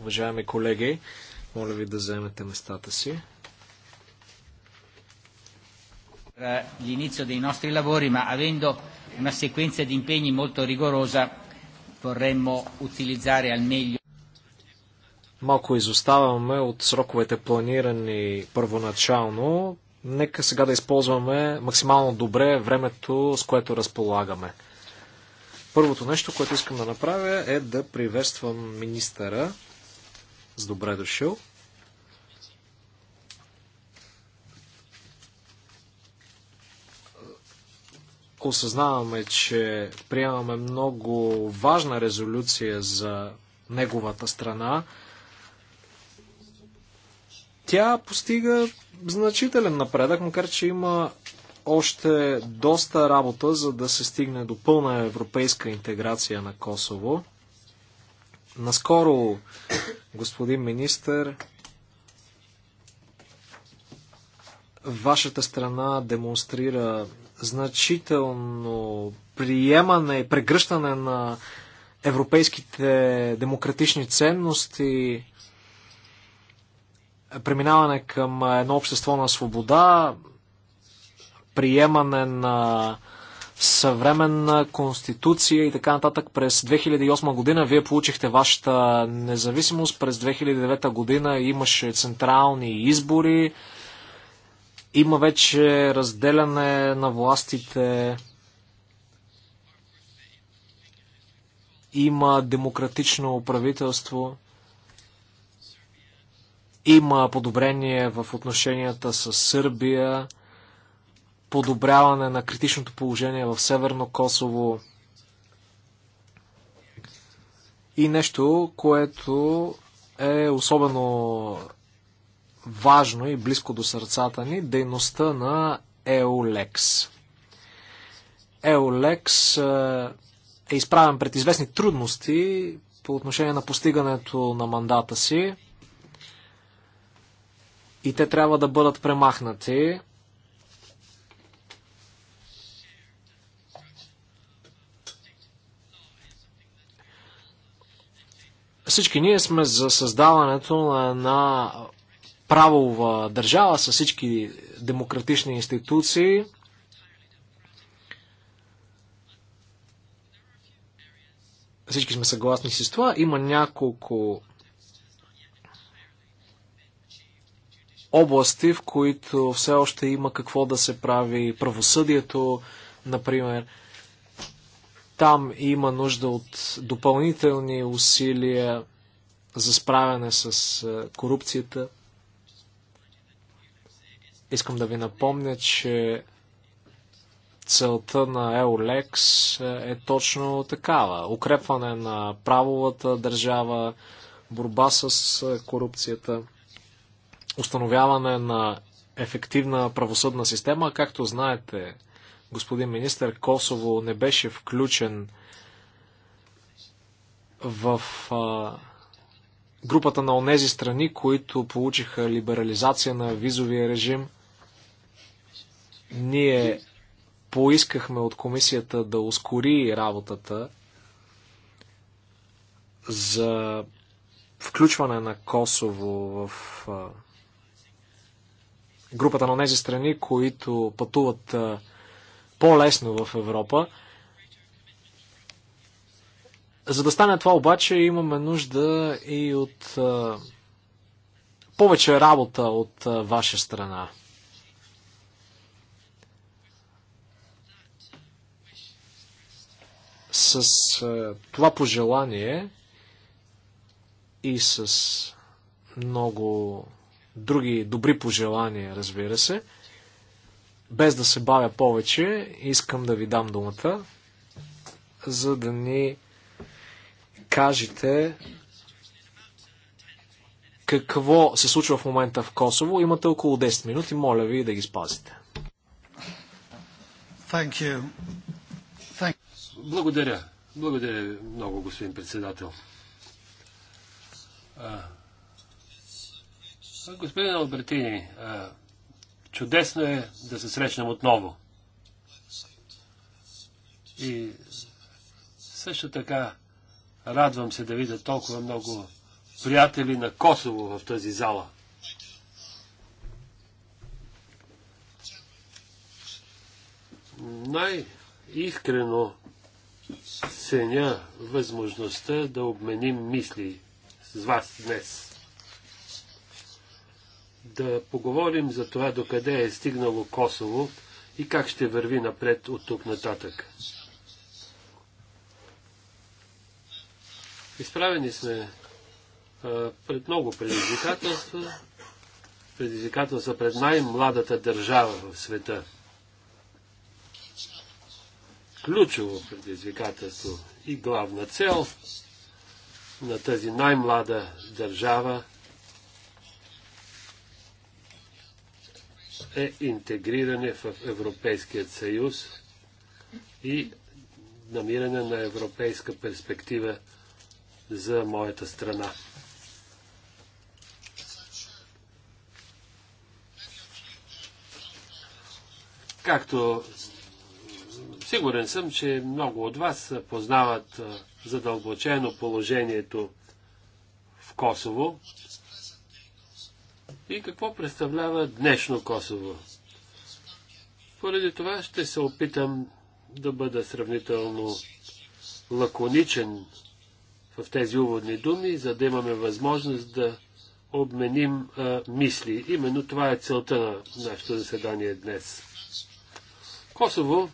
Уважаеми колеги, моля ви да заемете местата си. L'inizio dei nostri lavori, ma avendo una sequenza di impegni molto rigorosa, vorremmo utilizzare al meglio. Малко изоставаме от сроковете планирани първоначално. Нека сега да използваме максимално добре времето, с което разполагаме. Първото нещо, което искам да направя е да приветствам министъра с добре дошъл. осъзнаваме, че приемаме много важна резолюция за неговата страна, тя постига значителен напредък, макар че има още доста работа, за да се стигне до пълна европейска интеграция на Косово. Наскоро, господин министър, вашата страна демонстрира значително приемане и прегръщане на европейските демократични ценности, преминаване към едно общество на свобода, приемане на съвременна конституция и така нататък. През 2008 година вие получихте вашата независимост, през 2009 година имаше централни избори, има вече разделяне на властите, има демократично правителство, има подобрение в отношенията с Сърбия, подобряване на критичното положение в Северно Косово и нещо, което е особено важно и близко до сърцата ни, дейността на EOLEX. EOLEX е, е изправен пред известни трудности по отношение на постигането на мандата си и те трябва да бъдат премахнати. Всички ние сме за създаването на една правова държава с всички демократични институции. Всички сме съгласни с това. Има няколко области, в които все още има какво да се прави правосъдието, например. Там има нужда от допълнителни усилия за справяне с е, корупцията. Искам да ви напомня, че целта на Еолекс е, е точно такава. Укрепване на правовата държава, борба с е, корупцията, установяване на ефективна правосъдна система. Както знаете, господин министър, Косово не беше включен в а, групата на онези страни, които получиха либерализация на визовия режим. Ние поискахме от комисията да ускори работата за включване на Косово в а, групата на тези страни, които пътуват а, по-лесно в Европа. За да стане това обаче имаме нужда и от а, повече работа от а, ваша страна. С а, това пожелание и с много други добри пожелания, разбира се, без да се бавя повече, искам да ви дам думата, за да ни кажете какво се случва в момента в Косово. Имате около 10 минути, моля ви да ги спазите. Thank you. Thank... Благодаря. Благодаря ви много, господин председател. А, господин Албертини, а, Чудесно е да се срещнем отново. И също така радвам се да видя толкова много приятели на Косово в тази зала. Най-искрено ценя възможността да обменим мисли с вас днес да поговорим за това докъде е стигнало Косово и как ще върви напред от тук нататък. Изправени сме а, пред много предизвикателства, предизвикателства пред най-младата държава в света. Ключово предизвикателство и главна цел на тази най-млада държава е интегриране в Европейският съюз и намиране на европейска перспектива за моята страна. Както сигурен съм, че много от вас познават задълбочено положението в Косово, и какво представлява днешно Косово? Поради това ще се опитам да бъда сравнително лаконичен в тези уводни думи, за да имаме възможност да обменим а, мисли. Именно това е целта на нашето заседание днес. Косово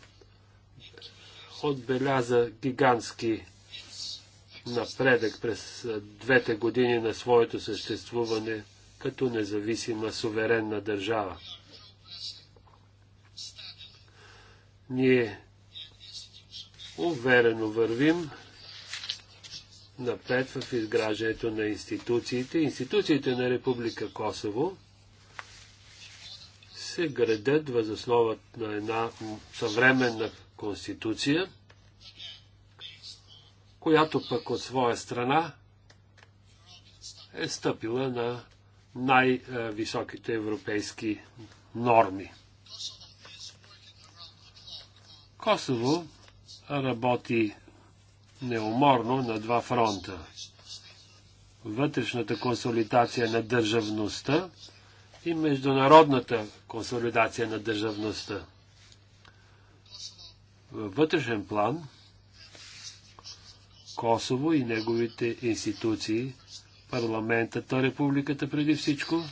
отбеляза гигантски напредък през двете години на своето съществуване – като независима суверенна държава. Ние уверено вървим напред в изграждането на институциите. Институциите на Република Косово се градят възоснова на една съвременна конституция, която пък от своя страна е стъпила на най-високите европейски норми. Косово работи неуморно на два фронта. Вътрешната консолидация на държавността и международната консолидация на държавността. Във вътрешен план Косово и неговите институции – парламентът на републиката преди всичко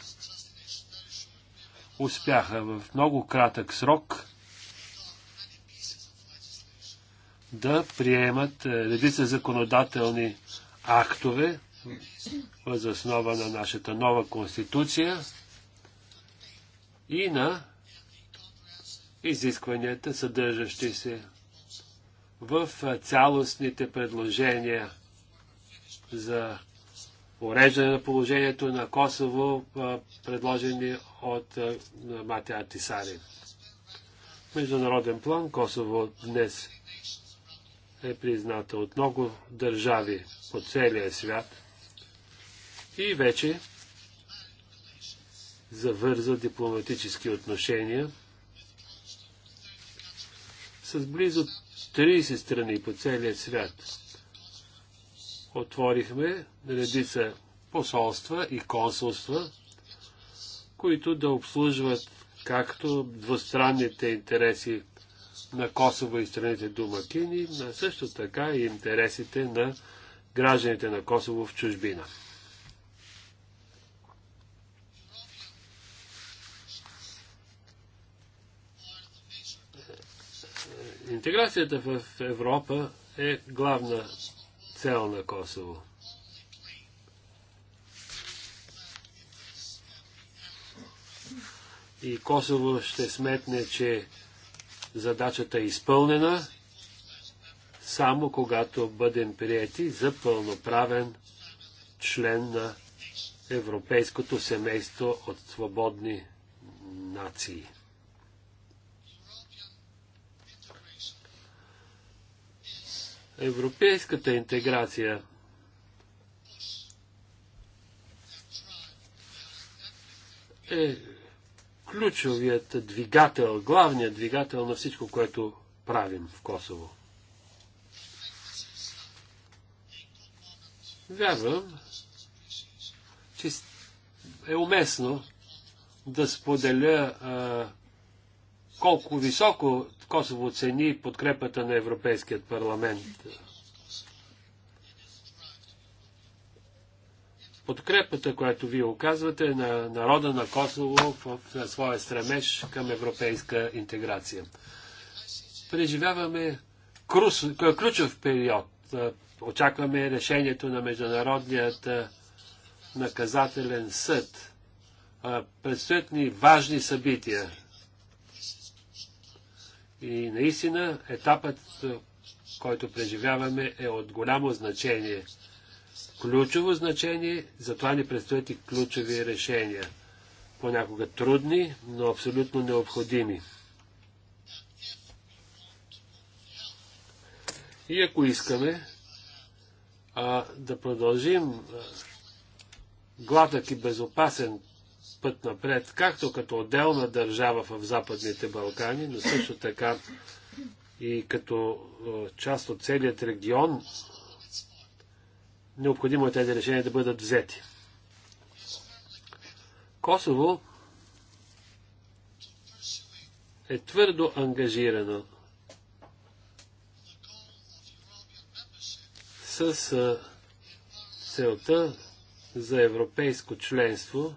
успяха в много кратък срок да приемат е, редица законодателни актове въз основа на нашата нова конституция и на изискванията, съдържащи се в е, цялостните предложения за уреждане на положението на Косово, предложени от Мати Атисари. Международен план Косово днес е призната от много държави по целия свят и вече завърза дипломатически отношения с близо 30 страни по целия свят отворихме редица посолства и консулства, които да обслужват както двустранните интереси на Косово и страните Думакини, а също така и интересите на гражданите на Косово в чужбина. Интеграцията в Европа е главна цел на Косово. И Косово ще сметне, че задачата е изпълнена само когато бъдем прияти за пълноправен член на европейското семейство от свободни нации. европейската интеграция. е ключовият двигател, главният двигател на всичко, което правим в Косово. Вярвам, че е уместно да споделя а, колко високо Косово цени подкрепата на Европейският парламент. Подкрепата, която вие оказвате на народа на Косово в, своя стремеж към европейска интеграция. Преживяваме ключов период. Очакваме решението на Международният наказателен съд. Предстоят ни важни събития. И наистина етапът, който преживяваме, е от голямо значение. Ключово значение, затова ни предстоят и ключови решения. Понякога трудни, но абсолютно необходими. И ако искаме а, да продължим а, гладък и безопасен път напред, както като отделна държава в Западните Балкани, но също така и като част от целият регион, необходимо е тези решения да бъдат взети. Косово е твърдо ангажирано с целта за европейско членство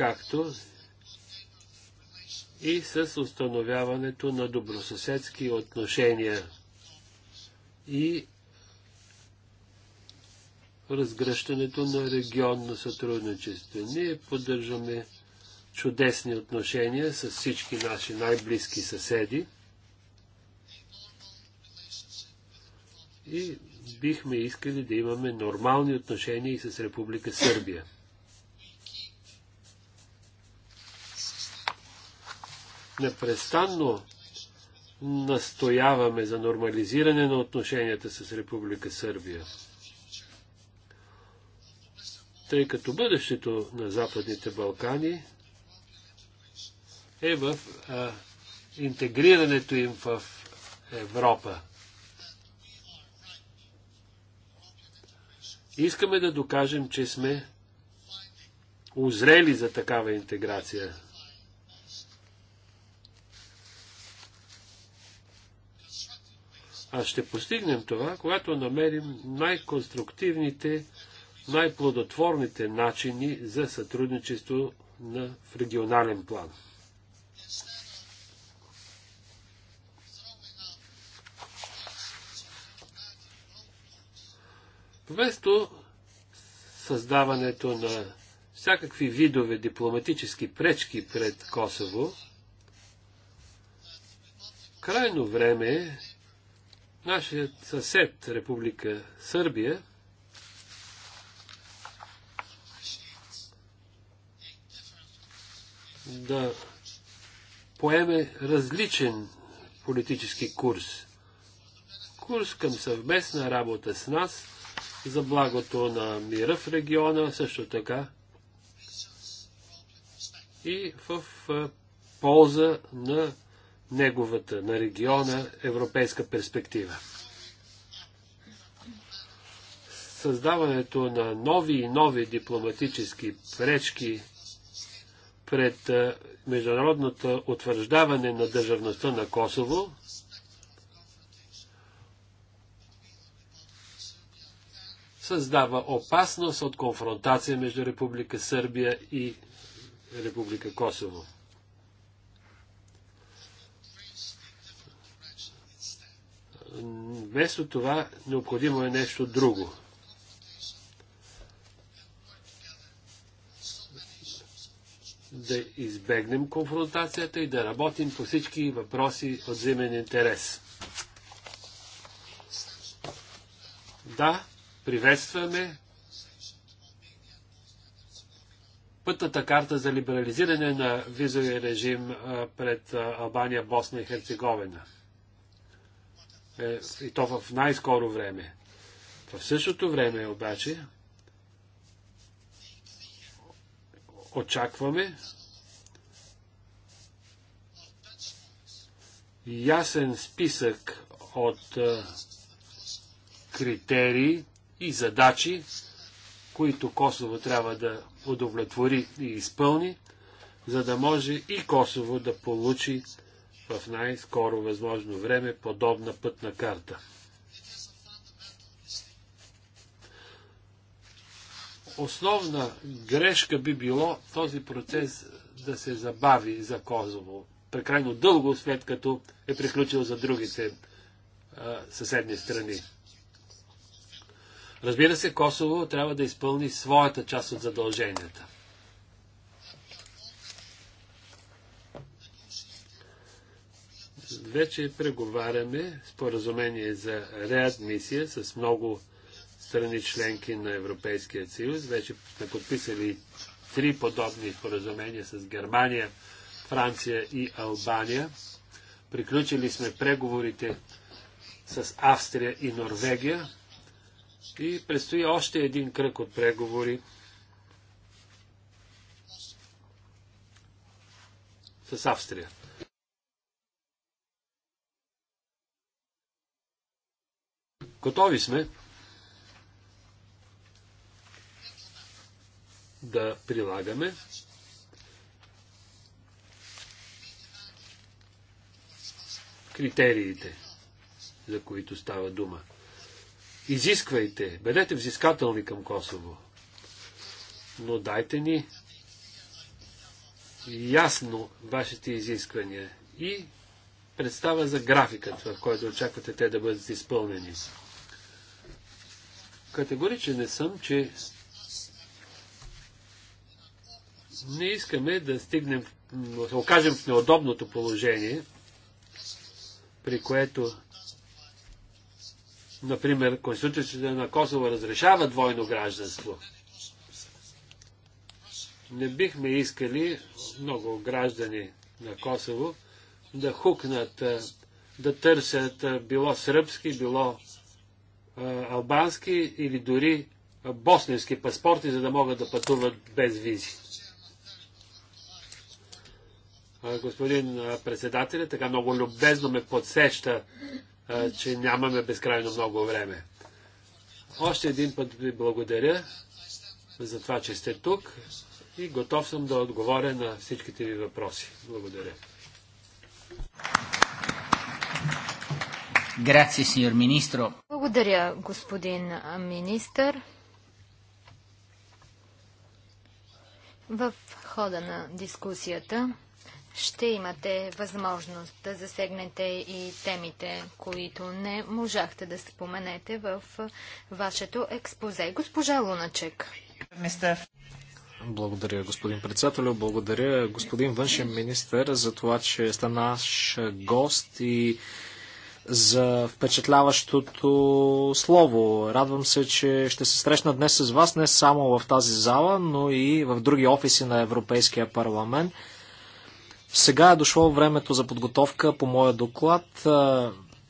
както и с установяването на добросъседски отношения и разгръщането на регионно сътрудничество. Ние поддържаме чудесни отношения с всички наши най-близки съседи и бихме искали да имаме нормални отношения и с Република Сърбия. непрестанно настояваме за нормализиране на отношенията с Република Сърбия. Тъй като бъдещето на Западните Балкани е в а, интегрирането им в Европа. Искаме да докажем, че сме озрели за такава интеграция. А ще постигнем това, когато намерим най-конструктивните, най-плодотворните начини за сътрудничество на, в регионален план. Вместо създаването на всякакви видове дипломатически пречки пред Косово, крайно време е Нашият съсед, Република Сърбия, да поеме различен политически курс. Курс към съвместна работа с нас за благото на мира в региона, също така и в полза на неговата на региона европейска перспектива. Създаването на нови и нови дипломатически пречки пред международното утвърждаване на държавността на Косово създава опасност от конфронтация между Република Сърбия и Република Косово. Вместо това необходимо е нещо друго. Да избегнем конфронтацията и да работим по всички въпроси от взаимен интерес. Да, приветстваме пътната карта за либерализиране на визовия режим пред Албания, Босна и Херцеговина. Е, и то в най-скоро време. В същото време обаче очакваме ясен списък от е, критерии и задачи, които Косово трябва да удовлетвори и изпълни, за да може и Косово да получи в най-скоро възможно време подобна пътна карта. Основна грешка би било този процес да се забави за Козово. Прекрайно дълго, след като е приключил за другите а, съседни страни. Разбира се, Косово трябва да изпълни своята част от задълженията. вече преговаряме споразумение за реадмисия с много страни членки на Европейския съюз. Вече сме подписали три подобни споразумения с Германия, Франция и Албания. Приключили сме преговорите с Австрия и Норвегия и предстои още един кръг от преговори с Австрия. Готови сме да прилагаме критериите, за които става дума. Изисквайте, бъдете взискателни към Косово, но дайте ни ясно вашите изисквания и представа за графикът, в който очаквате те да бъдат изпълнени. Категоричен не съм, че не искаме да стигнем, да се окажем в неудобното положение, при което, например, Конституцията на Косово разрешава двойно гражданство. Не бихме искали много граждани на Косово да хукнат, да търсят било сръбски, било албански или дори босненски паспорти, за да могат да пътуват без визи. Господин председател, така много любезно ме подсеща, че нямаме безкрайно много време. Още един път ви благодаря за това, че сте тук и готов съм да отговоря на всичките ви въпроси. Благодаря. Грация, сеньор министро. Благодаря, господин министър. В хода на дискусията ще имате възможност да засегнете и темите, които не можахте да споменете в вашето експозе. Госпожа Луначек. Благодаря, господин председател. Благодаря, господин външен министр, за това, че сте наш гост и за впечатляващото слово. Радвам се, че ще се срещна днес с вас не само в тази зала, но и в други офиси на Европейския парламент. Сега е дошло времето за подготовка по моя доклад.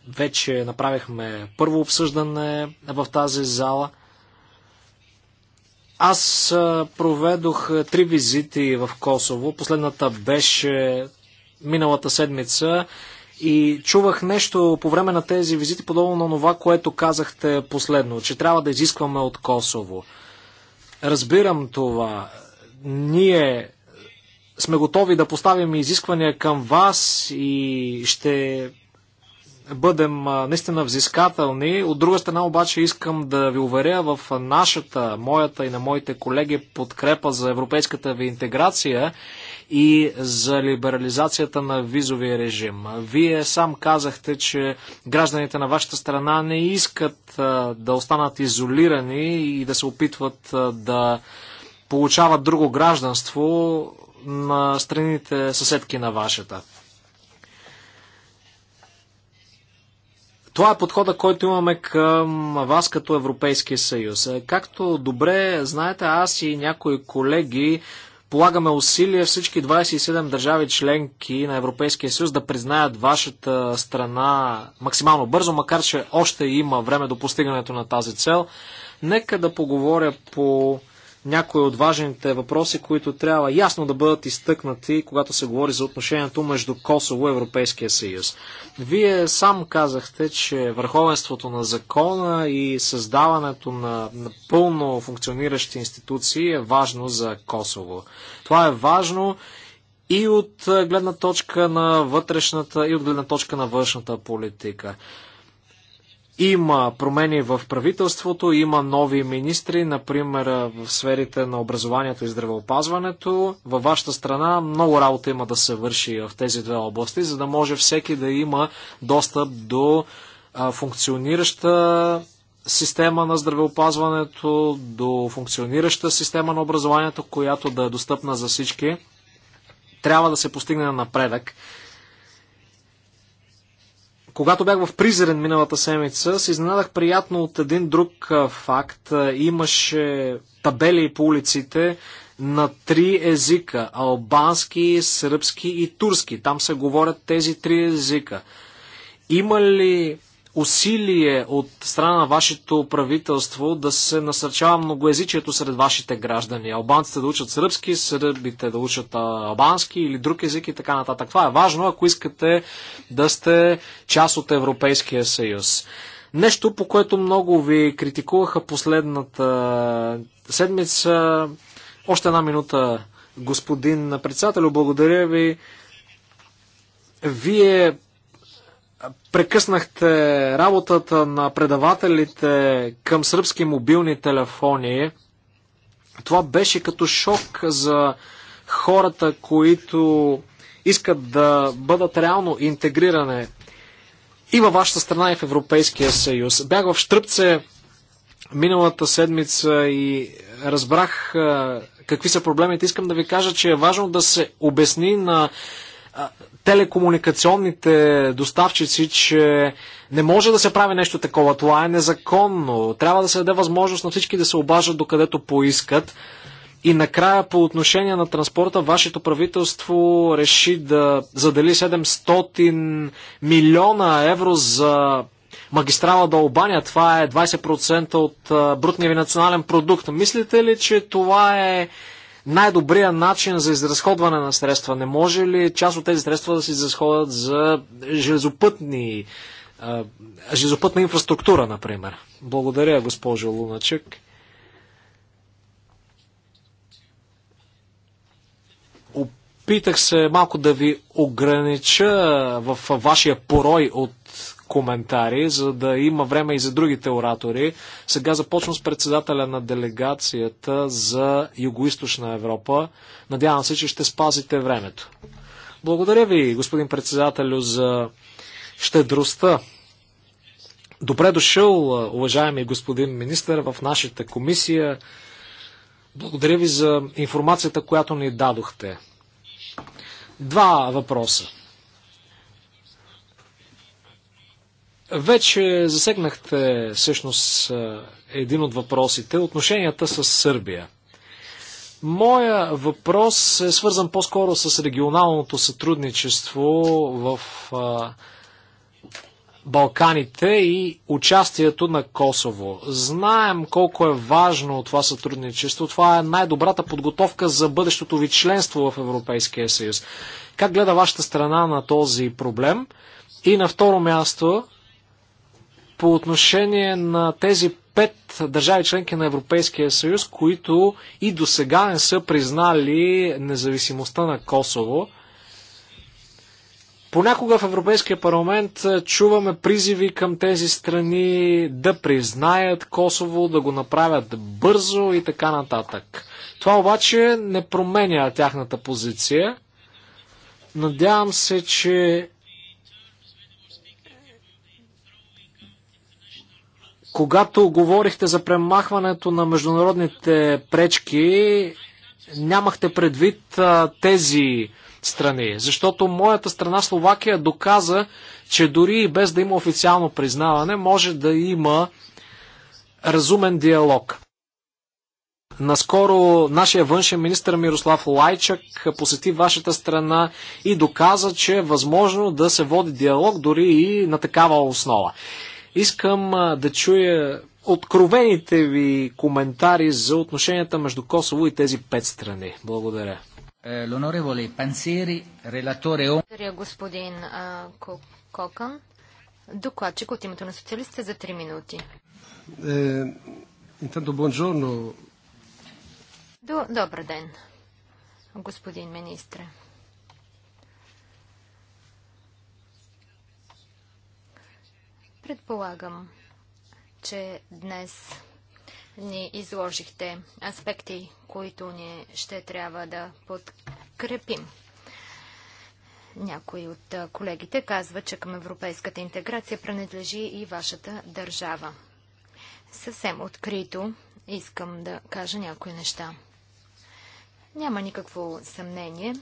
Вече направихме първо обсъждане в тази зала. Аз проведох три визити в Косово. Последната беше миналата седмица и чувах нещо по време на тези визити, подобно на това, което казахте последно, че трябва да изискваме от Косово. Разбирам това. Ние сме готови да поставим изисквания към вас и ще бъдем наистина взискателни. От друга страна обаче искам да ви уверя в нашата, моята и на моите колеги подкрепа за европейската ви интеграция и за либерализацията на визовия режим. Вие сам казахте, че гражданите на вашата страна не искат да останат изолирани и да се опитват да получават друго гражданство на страните съседки на вашата. Това е подхода, който имаме към вас като Европейския съюз. Е, както добре знаете, аз и някои колеги полагаме усилия всички 27 държави членки на Европейския съюз да признаят вашата страна максимално бързо, макар че още има време до постигането на тази цел. Нека да поговоря по някои от важните въпроси, които трябва ясно да бъдат изтъкнати, когато се говори за отношението между Косово и Европейския съюз. Вие сам казахте, че върховенството на закона и създаването на, на пълно функциониращи институции е важно за Косово. Това е важно и от гледна точка на вътрешната, и от гледна точка на външната политика. Има промени в правителството, има нови министри, например в сферите на образованието и здравеопазването. Във вашата страна много работа има да се върши в тези две области, за да може всеки да има достъп до функционираща система на здравеопазването, до функционираща система на образованието, която да е достъпна за всички. Трябва да се постигне напредък когато бях в призерен миналата седмица, се изненадах приятно от един друг факт. Имаше табели по улиците на три езика албански, сръбски и турски. Там се говорят тези три езика. Има ли усилие от страна на вашето правителство да се насърчава многоязичието сред вашите граждани. Албанците да учат сръбски, сърбите да учат албански или друг език и така нататък. Това е важно, ако искате да сте част от Европейския съюз. Нещо, по което много ви критикуваха последната седмица. Още една минута, господин председател, благодаря ви. Вие прекъснахте работата на предавателите към сръбски мобилни телефони. Това беше като шок за хората, които искат да бъдат реално интегриране и във вашата страна и в Европейския съюз. Бях в Штръпце миналата седмица и разбрах какви са проблемите. Искам да ви кажа, че е важно да се обясни на телекомуникационните доставчици, че не може да се прави нещо такова. Това е незаконно. Трябва да се даде възможност на всички да се обажат докъдето поискат. И накрая по отношение на транспорта, вашето правителство реши да задели 700 милиона евро за магистрала до Албания. Това е 20% от брутния ви национален продукт. Мислите ли, че това е най-добрия начин за изразходване на средства? Не може ли част от тези средства да се изразходят за железопътни, а, железопътна инфраструктура, например? Благодаря, госпожо Луначък. Опитах се малко да ви огранича в вашия порой от коментари, за да има време и за другите оратори. Сега започвам с председателя на делегацията за юго Европа. Надявам се, че ще спазите времето. Благодаря ви, господин председателю, за щедростта. Добре дошъл, уважаеми господин министър, в нашата комисия. Благодаря ви за информацията, която ни дадохте. Два въпроса. Вече засегнахте всъщност един от въпросите отношенията с Сърбия. Моя въпрос е свързан по-скоро с регионалното сътрудничество в а, Балканите и участието на Косово. Знаем колко е важно това сътрудничество. Това е най-добрата подготовка за бъдещото ви членство в Европейския съюз. Как гледа вашата страна на този проблем? И на второ място, по отношение на тези пет държави членки на Европейския съюз, които и до сега не са признали независимостта на Косово. Понякога в Европейския парламент е, чуваме призиви към тези страни да признаят Косово, да го направят бързо и така нататък. Това обаче не променя тяхната позиция. Надявам се, че Когато говорихте за премахването на международните пречки, нямахте предвид а, тези страни, защото моята страна Словакия доказа, че дори и без да има официално признаване, може да има разумен диалог. Наскоро нашия външен министр Мирослав Лайчак посети вашата страна и доказа, че е възможно да се води диалог дори и на такава основа. Искам а, да чуя откровените ви коментари за отношенията между Косово и тези пет страни. Благодаря. Е, Благодаря, господин Кокън. Докладчик от името на социалистите за 3 минути. Intanto е, buongiorno. Добър ден, господин министре. Предполагам, че днес ни изложихте аспекти, които ние ще трябва да подкрепим. Някои от колегите казва, че към европейската интеграция принадлежи и вашата държава. Съвсем открито искам да кажа някои неща. Няма никакво съмнение,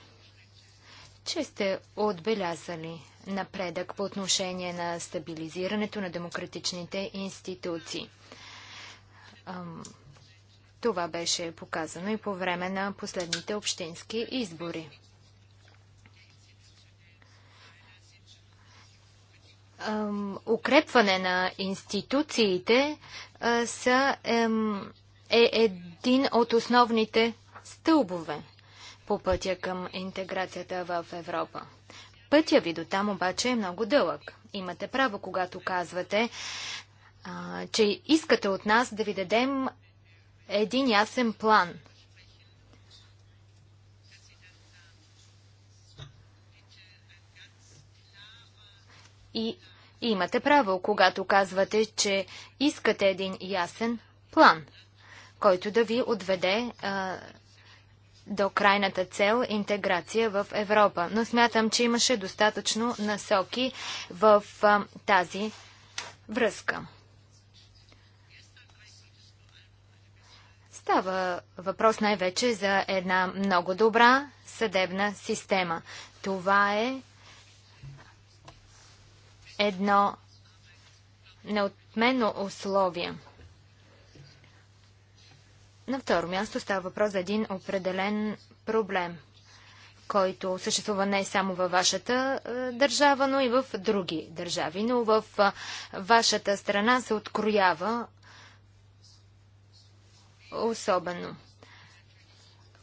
че сте отбелязали напредък по отношение на стабилизирането на демократичните институции. Това беше показано и по време на последните общински избори. Укрепване на институциите са, е един от основните стълбове по пътя към интеграцията в Европа. Пътя ви до там обаче е много дълъг. Имате право, когато казвате, а, че искате от нас да ви дадем един ясен план. И имате право, когато казвате, че искате един ясен план, който да ви отведе а, до крайната цел интеграция в Европа. Но смятам, че имаше достатъчно насоки в а, тази връзка. Става въпрос най-вече за една много добра съдебна система. Това е едно неотменно условие – на второ място става въпрос за един определен проблем, който съществува не само във вашата е, държава, но и в други държави. Но в е, вашата страна се откроява особено.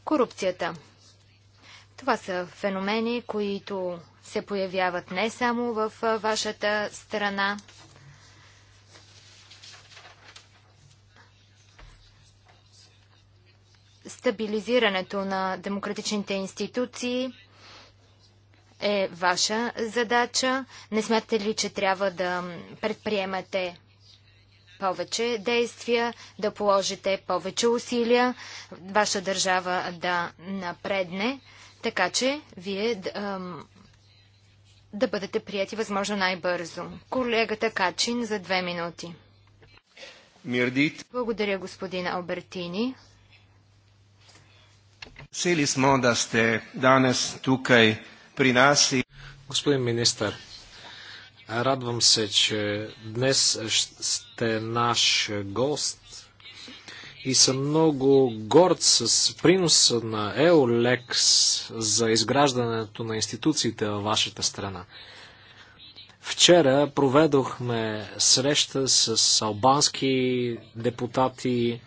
Корупцията. Това са феномени, които се появяват не само в е, вашата страна, Стабилизирането на демократичните институции е ваша задача. Не смятате ли, че трябва да предприемате повече действия, да положите повече усилия, ваша държава да напредне, така че вие да бъдете прияти възможно най-бързо. Колегата Качин за две минути. Благодаря, господин Албертини. Сели смо да сте данес тукай при нас и... Господин министър, радвам се, че днес сте наш гост и съм много горд с приноса на Еолекс за изграждането на институциите във вашата страна. Вчера проведохме среща с албански депутати.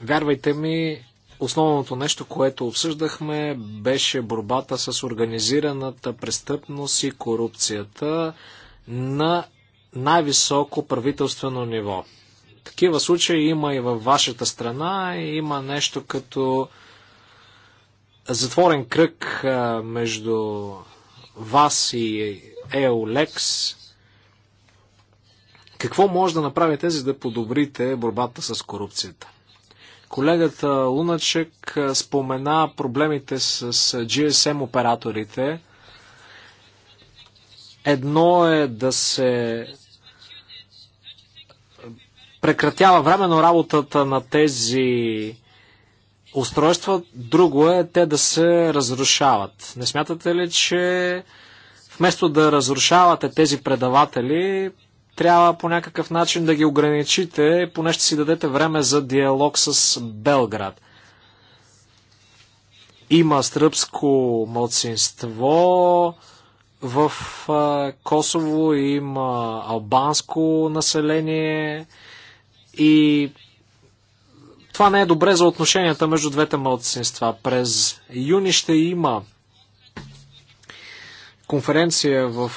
Вярвайте ми, Основното нещо, което обсъждахме, беше борбата с организираната престъпност и корупцията на най-високо правителствено ниво. Такива случаи има и във вашата страна. Има нещо като затворен кръг между вас и ЕОЛекс. Какво може да направите, за да подобрите борбата с корупцията? Колегата Луначек спомена проблемите с GSM операторите. Едно е да се прекратява времено работата на тези устройства, друго е те да се разрушават. Не смятате ли, че вместо да разрушавате тези предаватели, трябва по някакъв начин да ги ограничите, поне ще си дадете време за диалог с Белград. Има сръбско младсинство в Косово, има албанско население и това не е добре за отношенията между двете младсинства. През юни ще има конференция в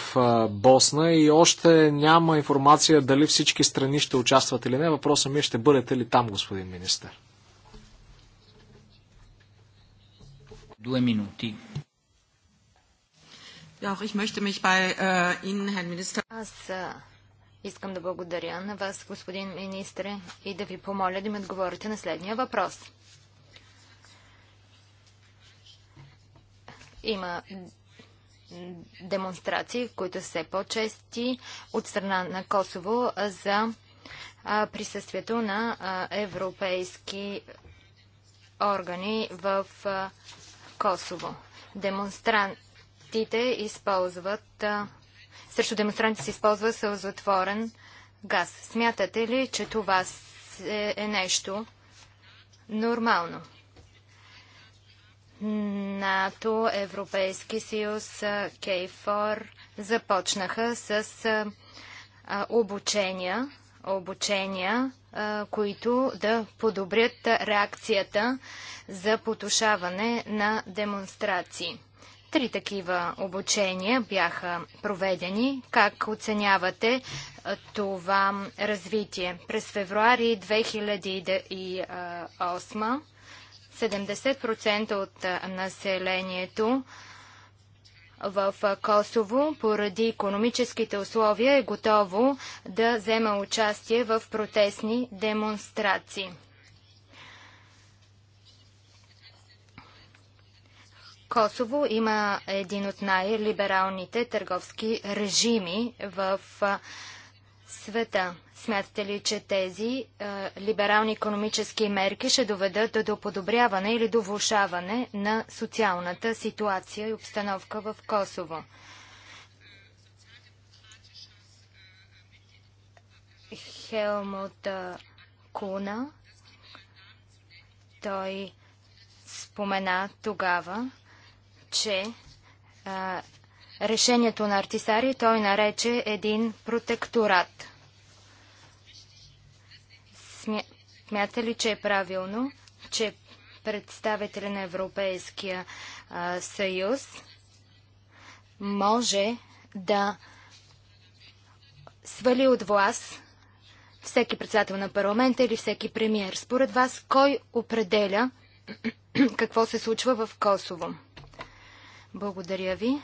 Босна и още няма информация дали всички страни ще участват или не. Въпросът ми е ще бъдете ли там, господин министр? Две минути. Äh, Аз искам да благодаря на вас, господин министр, и да ви помоля да ми отговорите на следния въпрос. Има демонстрации, които все по-чести от страна на Косово за присъствието на европейски органи в Косово. Демонстрантите използват, срещу демонстрантите се използва сълзотворен газ. Смятате ли, че това е нещо нормално? НАТО, Европейски съюз, КЕЙФОР започнаха с обучения, обучения, които да подобрят реакцията за потушаване на демонстрации. Три такива обучения бяха проведени. Как оценявате това развитие? През февруари 2008 70% от населението в Косово поради економическите условия е готово да взема участие в протестни демонстрации. Косово има един от най-либералните търговски режими в Косово света. Смятате ли, че тези е, либерални економически мерки ще доведат до подобряване или до влушаване на социалната ситуация и обстановка в Косово? Хелмут Куна, той спомена тогава, че решението на Артисари той нарече един протекторат. Смята ли, че е правилно, че представители на Европейския а, съюз може да свали от власт всеки председател на парламента или всеки премиер. Според вас, кой определя какво се случва в Косово? Благодаря ви.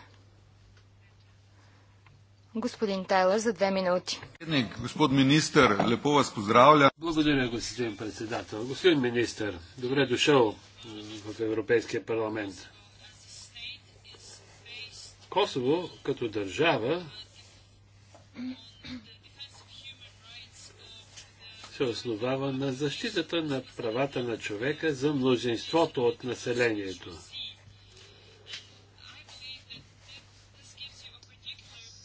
Господин Тайлър за две минути. Господ министър, лепо вас поздравля. Благодаря, господин председател. Господин министър, добре дошъл в Европейския парламент. Косово като държава се основава на защитата на правата на човека за мнозинството от населението.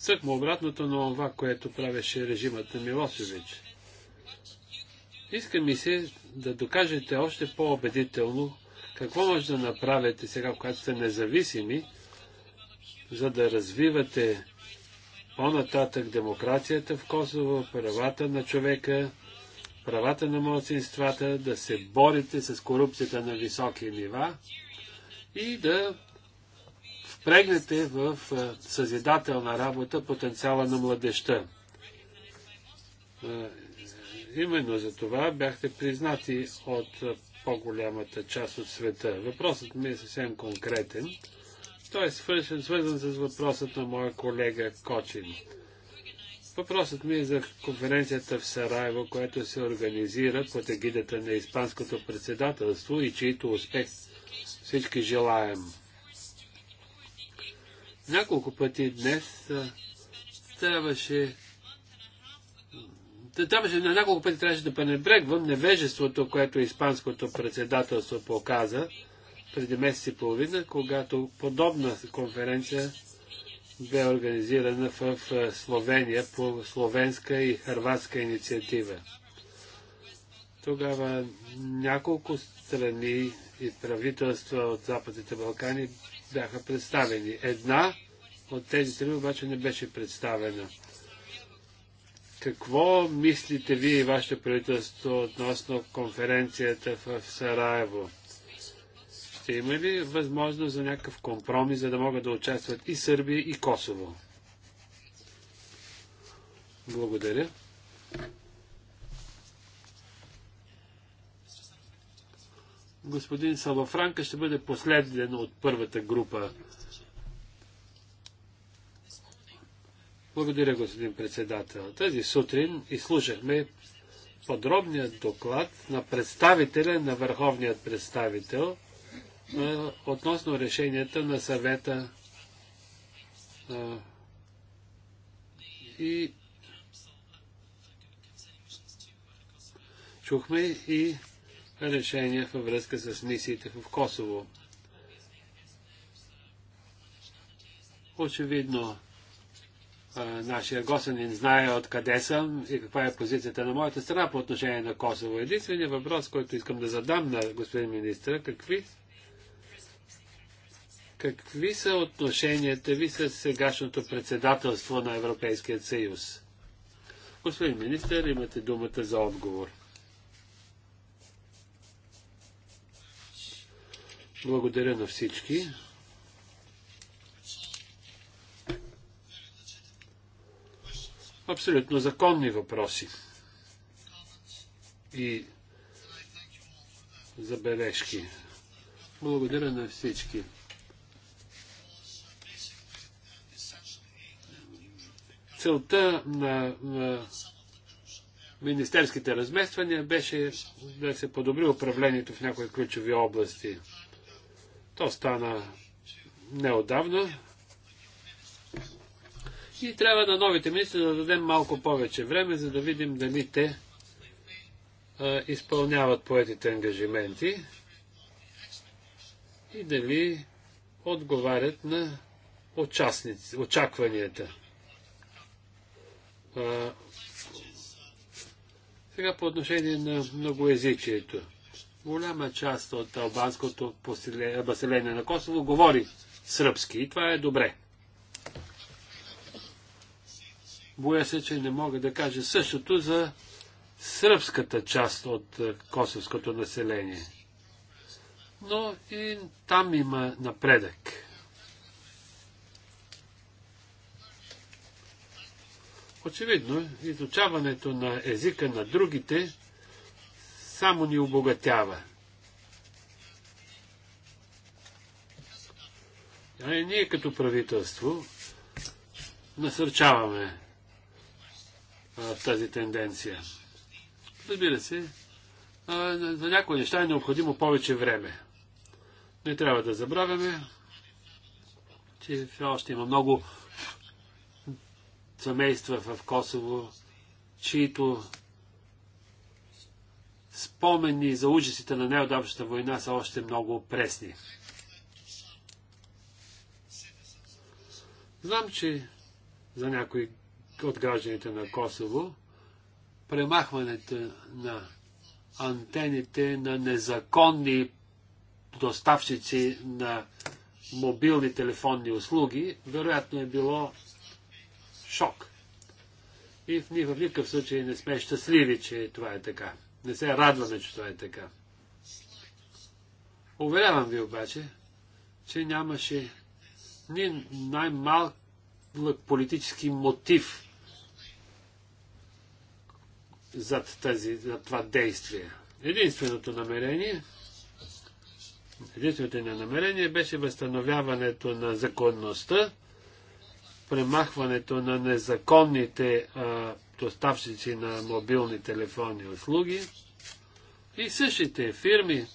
Тъкмо обратното на това, което правеше режимът на Милосевич. Иска ми се да докажете още по-убедително какво може да направите сега, когато сте независими, за да развивате по-нататък демокрацията в Косово, правата на човека, правата на младсинствата, да се борите с корупцията на високи нива и да впрегнете в е, съзидателна работа потенциала на младеща. Е, именно за това бяхте признати от по-голямата част от света. Въпросът ми е съвсем конкретен. Той е свършен, свързан с въпросът на моя колега Кочин. Въпросът ми е за конференцията в Сараево, която се организира под егидата на Испанското председателство и чието успех всички желаем. Няколко пъти днес трябваше трябваше на няколко пъти трябваше да пренебрегвам невежеството, което испанското председателство показа преди месец и половина, когато подобна конференция бе организирана в Словения по словенска и хърватска инициатива. Тогава няколко страни и правителства от Западните Балкани бяха представени. Една от тези три обаче не беше представена. Какво мислите вие и вашето правителство относно конференцията в Сараево? Ще има ли възможност за някакъв компромис, за да могат да участват и Сърбия, и Косово? Благодаря. господин Салафранка ще бъде последен от първата група. Благодаря, господин председател. Тази сутрин изслушахме подробният доклад на представителя на върховният представител относно решенията на съвета и чухме и решение във връзка с мисиите в Косово. Очевидно, нашия гостенин знае откъде съм и каква е позицията на моята страна по отношение на Косово. Единственият въпрос, който искам да задам на господин министър, какви, какви са отношенията ви с сегашното председателство на Европейския съюз? Господин министр, имате думата за отговор. Благодаря на всички. Абсолютно законни въпроси и забележки. Благодаря на всички. Целта на, на министерските размествания беше да се подобри управлението в някои ключови области. То стана неодавна. И трябва на новите министри да дадем малко повече време, за да видим дали те а, изпълняват поетите ангажименти и дали отговарят на очакванията. А, сега по отношение на многоязичието голяма част от албанското население на Косово говори сръбски и това е добре. Боя се, че не мога да кажа същото за сръбската част от е, косовското население. Но и там има напредък. Очевидно, изучаването на езика на другите само ни обогатява. А и ние като правителство насърчаваме а, тази тенденция. Разбира се, а, за някои неща е необходимо повече време. Не трябва да забравяме, че все още има много семейства в Косово, чието спомени за ужасите на неодавшата война са още много пресни. Знам, че за някои от гражданите на Косово премахването на антените на незаконни доставчици на мобилни телефонни услуги, вероятно е било шок. И в никакъв случай не сме щастливи, че това е така. Не се радваме, че това е така. Уверявам ви обаче, че нямаше ни най-малък политически мотив зад, тази, зад това действие. Единственото намерение, единственото ни намерение беше възстановяването на законността, премахването на незаконните а, доставчици на мобилни телефонни услуги и същите фирми,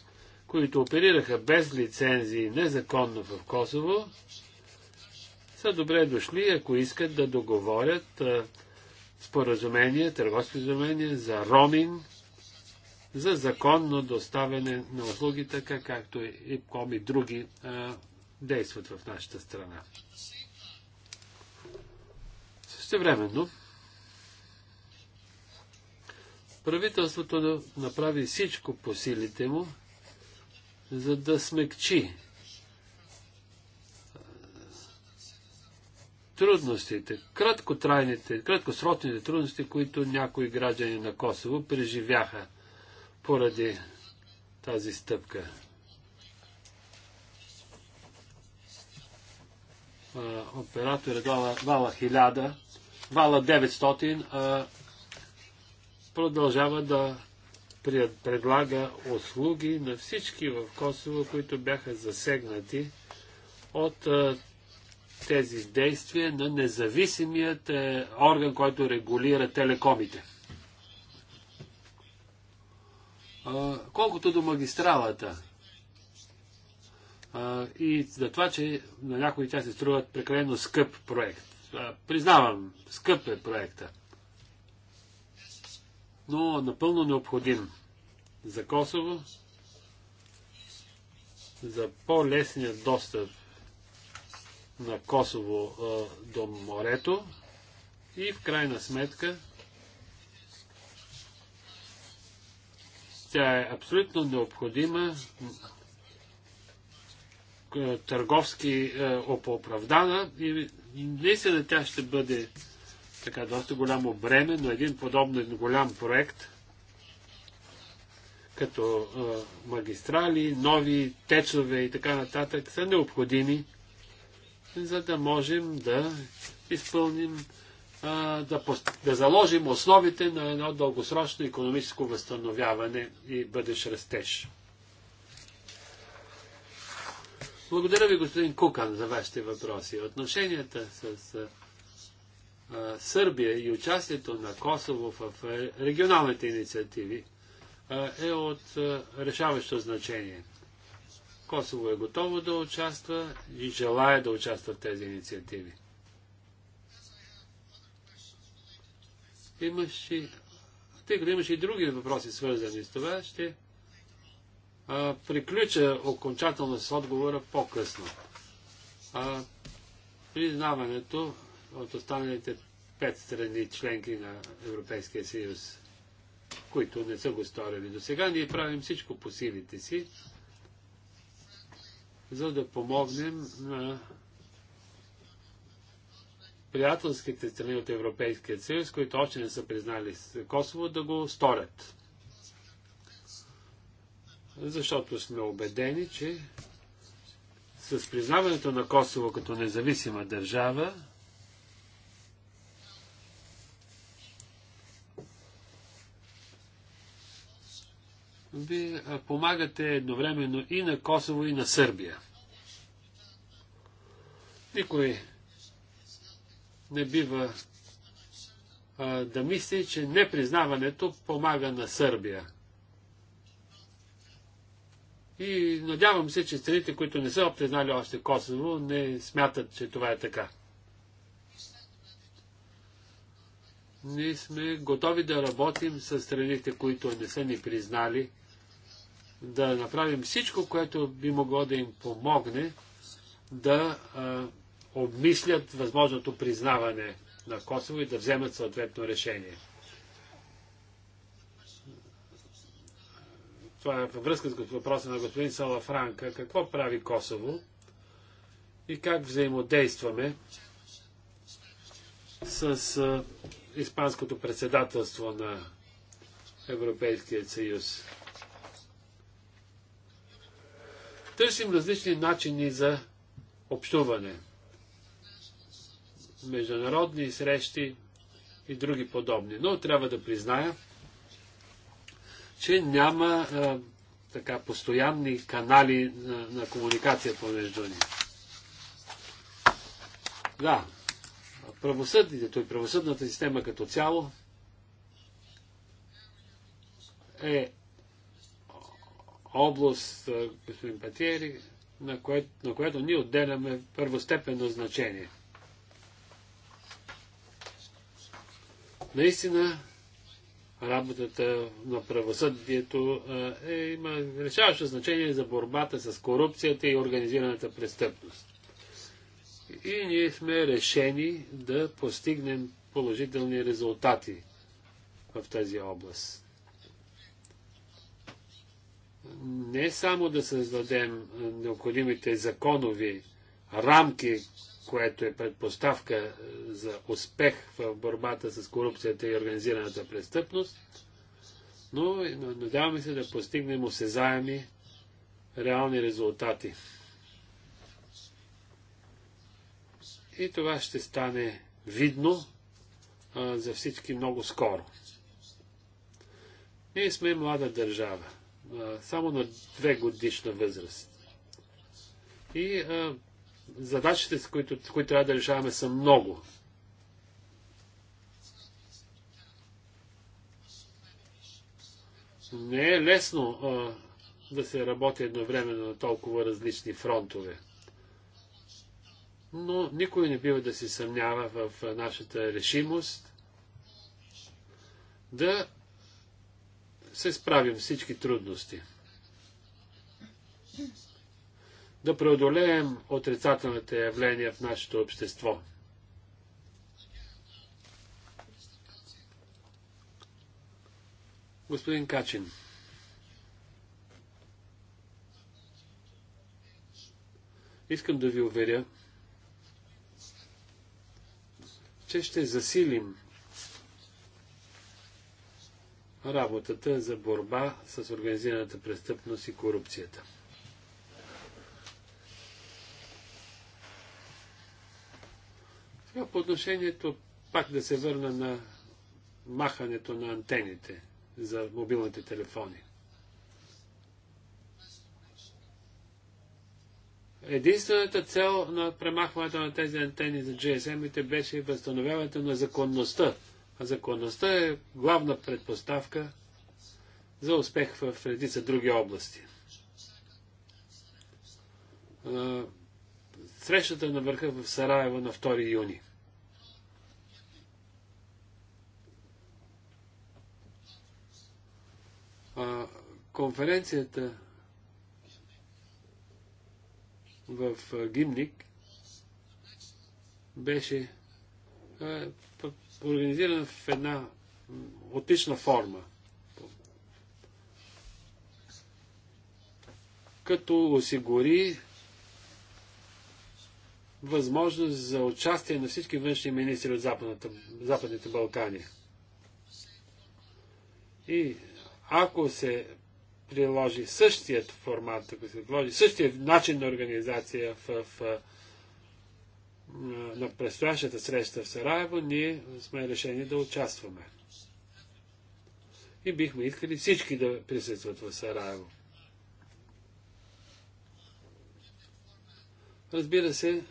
които оперираха без лицензии незаконно в Косово, са добре дошли, ако искат да договорят споразумение, търговски споразумение за роминг, за законно доставяне на услуги, така както и коми други а, действат в нашата страна. Същевременно, времено, Правителството направи всичко по силите му, за да смекчи трудностите, краткотрайните, краткосрочните трудности, които някои граждани на Косово преживяха поради тази стъпка. оператор е вала 1000, вала 900, а продължава да предлага услуги на всички в Косово, които бяха засегнати от тези действия на независимият е, орган, който регулира телекомите. Колкото до магистралата и за това, че на някои тя се струват прекалено скъп проект. Признавам, скъп е проектът но напълно необходим за Косово, за по-лесния достъп на Косово а, до морето и в крайна сметка тя е абсолютно необходима, търговски опоправдана и наистина тя ще бъде така доста голямо бреме, но един подобен голям проект, като а, магистрали, нови течове и така нататък, са необходими, за да можем да изпълним, а, да, да заложим основите на едно дългосрочно економическо възстановяване и бъдещ растеж. Благодаря ви, господин Кукан, за вашите въпроси. Отношенията с Сърбия и участието на Косово в регионалните инициативи е от решаващо значение. Косово е готово да участва и желая да участва в тези инициативи. тъй като имаш и други въпроси, свързани с това, ще а, приключа окончателно с отговора по-късно. признаването от останалите пет страни членки на Европейския съюз, които не са го сторили до сега. Ние правим всичко по силите си, за да помогнем на приятелските страни от Европейския съюз, които още не са признали Косово, да го сторят. Защото сме убедени, че с признаването на Косово като независима държава, Вие помагате едновременно и на Косово, и на Сърбия. Никой не бива а, да мисли, че непризнаването помага на Сърбия. И надявам се, че страните, които не са признали още Косово, не смятат, че това е така. ние сме готови да работим с страните, които не са ни признали, да направим всичко, което би могло да им помогне да а, обмислят възможното признаване на Косово и да вземат съответно решение. Това е във връзка с въпроса на господин Салафранка. Какво прави Косово и как взаимодействаме с Испанското председателство на Европейския съюз. Търсим различни начини за общуване. Международни срещи и други подобни. Но трябва да призная, че няма а, така постоянни канали на, на комуникация помежду ни. Да, правосъдието и правосъдната система като цяло е област, господин Патиери, на, кое, на което ние отделяме първостепенно значение. Наистина, работата на правосъдието е, има решаващо значение за борбата с корупцията и организираната престъпност и ние сме решени да постигнем положителни резултати в тази област. Не само да създадем необходимите законови рамки, което е предпоставка за успех в борбата с корупцията и организираната престъпност, но надяваме се да постигнем осезаеми реални резултати. И това ще стане видно а, за всички много скоро. Ние сме млада държава, а, само на две годишна възраст. И а, задачите, с които, които трябва да решаваме, са много. Не е лесно а, да се работи едновременно на толкова различни фронтове но никой не бива да се съмнява в нашата решимост да се справим всички трудности. Да преодолеем отрицателните явления в нашето общество. Господин Качин. Искам да ви уверя, че ще засилим работата за борба с организираната престъпност и корупцията. Сега по отношението, пак да се върна на махането на антените за мобилните телефони. Единствената цел на премахването на тези антени за GSM-ите беше възстановяването на законността. А законността е главна предпоставка за успех в редица други области. Срещата на върха в Сараево на 2 юни. Конференцията в Гимник беше организиран в една отлична форма. Като осигури възможност за участие на всички външни министри от Западната, Западните Балкани. И ако се приложи същият формат, ако се приложи същия начин на организация в, в на предстоящата среща в Сараево, ние сме решени да участваме. И бихме искали всички да присъстват в Сараево. Разбира се,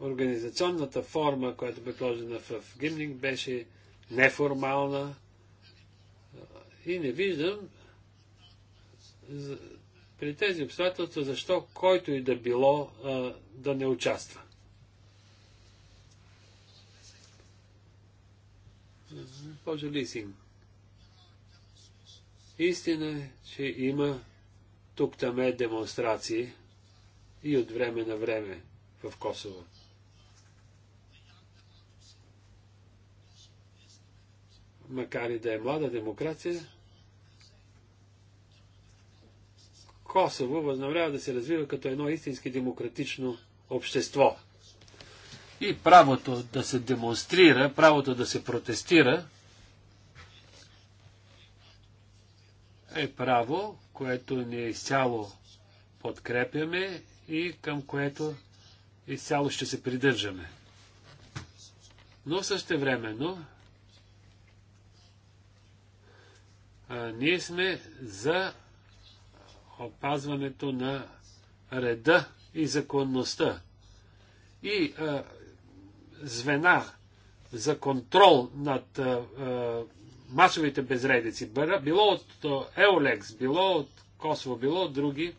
организационната форма, която бе предложена в Гимнинг, беше неформална, и не виждам при тези обстоятелства защо който и да било а, да не участва. Боже Лисин. Истина е, че има тук-таме демонстрации и от време на време в Косово. Макар и да е млада демокрация, Косово възнамрява да се развива като едно истински демократично общество. И правото да се демонстрира, правото да се протестира е право, което ние изцяло подкрепяме и към което изцяло ще се придържаме. Но същевременно а, ние сме за опазването на реда и законността. И а, звена за контрол над а, а, масовите безредици, било от Еолекс, било от Косово, било от други,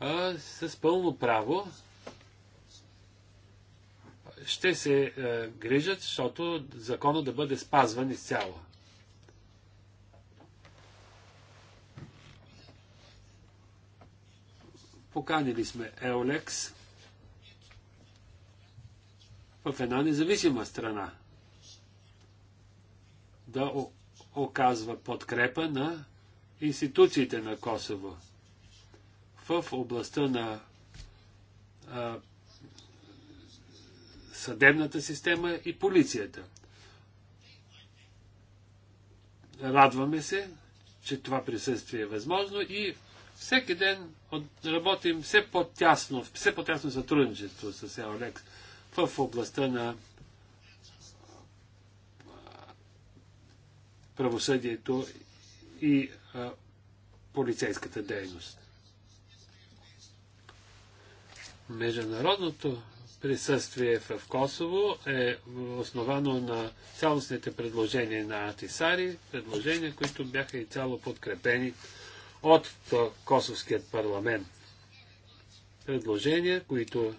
а, с пълно право ще се а, грижат, защото законът да бъде спазван изцяло. Поканили сме Еолекс в една независима страна да оказва подкрепа на институциите на Косово в областта на а, съдебната система и полицията. Радваме се, че това присъствие е възможно и всеки ден работим все по-тясно, все по-тясно сътрудничество с Еолекс в областта на правосъдието и а, полицейската дейност. Международното присъствие в Косово е основано на цялостните предложения на Атисари, предложения, които бяха и цяло подкрепени от Косовският парламент. Предложения, които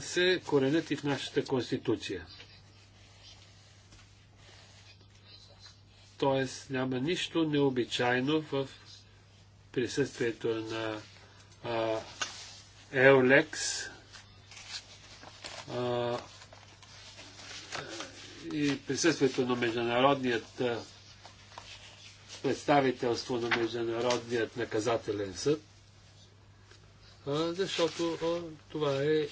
се коренят и в нашата конституция. Тоест няма нищо необичайно в присъствието на а, Еолекс а, и присъствието на Международният представителство на Международният наказателен съд, защото това е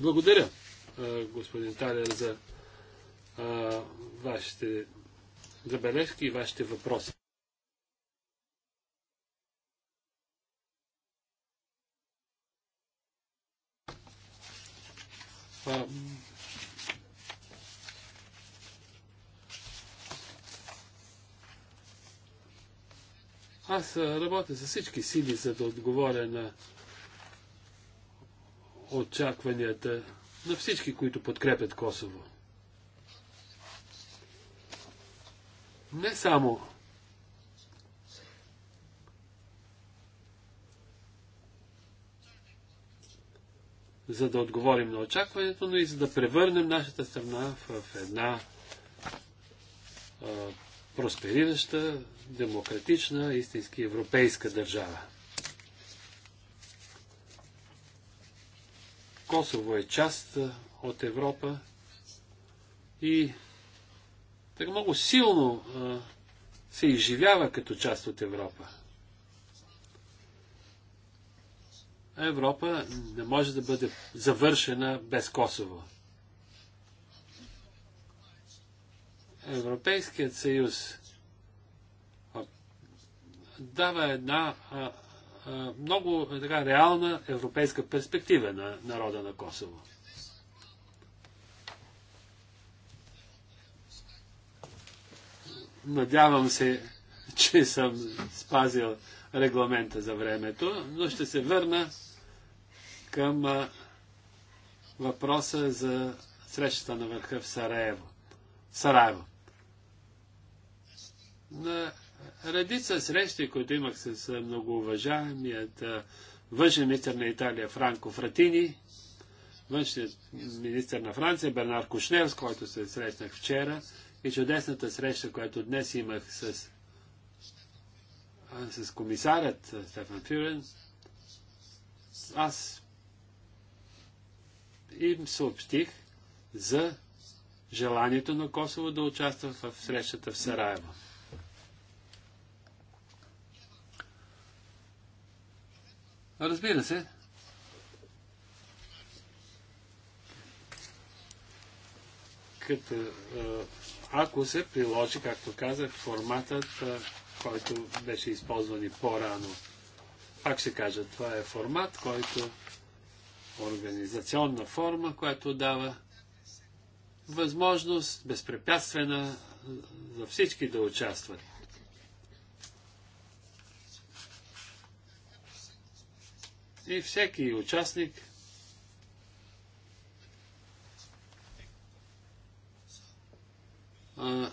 Благодаря, господин Талер, за вашите забележки и вашите въпроси. Аз работя с всички сили, за да отговоря на очакванията на всички, които подкрепят Косово. Не само за да отговорим на очакването, но и за да превърнем нашата страна в една а, просперираща, демократична, истински европейска държава. Косово е част от Европа и така много силно а, се изживява като част от Европа. Европа не може да бъде завършена без Косово. Европейският съюз дава една а, а, много така, реална европейска перспектива на народа на Косово. Надявам се, че съм спазил регламента за времето, но ще се върна към въпроса за срещата на върха в Сараево. Сараево. На редица срещи, които имах с многоуважаемият външен министр на Италия Франко Фратини, външният министр на Франция Бернар Кушнер, с който се срещнах вчера, и чудесната среща, която днес имах с с комисарят Стефан Фюрен, аз им съобщих за желанието на Косово да участва в срещата в Сараево. Разбира се, като, ако се приложи, както казах, форматът който беше използван и по-рано. Пак ще кажа, това е формат, който организационна форма, която дава възможност безпрепятствена за всички да участват. И всеки участник а,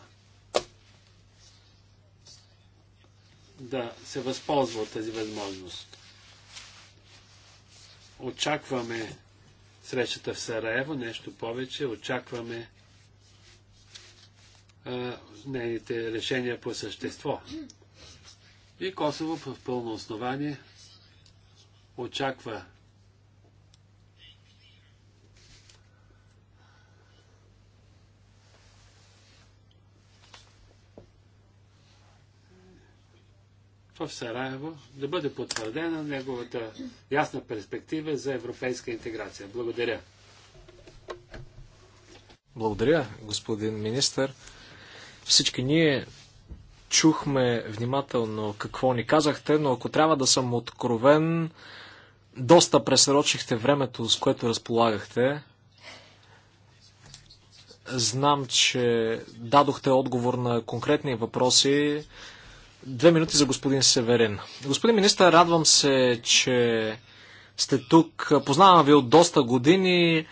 да се възползва от тази възможност. Очакваме срещата в Сараево, нещо повече, очакваме а, нейните решения по същество. И Косово в пълно основание очаква в Сараево да бъде потвърдена неговата ясна перспектива за европейска интеграция. Благодаря. Благодаря, господин министър. Всички ние чухме внимателно какво ни казахте, но ако трябва да съм откровен, доста пресрочихте времето, с което разполагахте. Знам, че дадохте отговор на конкретни въпроси. Две минути за господин Северин. Господин министър, радвам се, че сте тук. Познавам ви от доста години.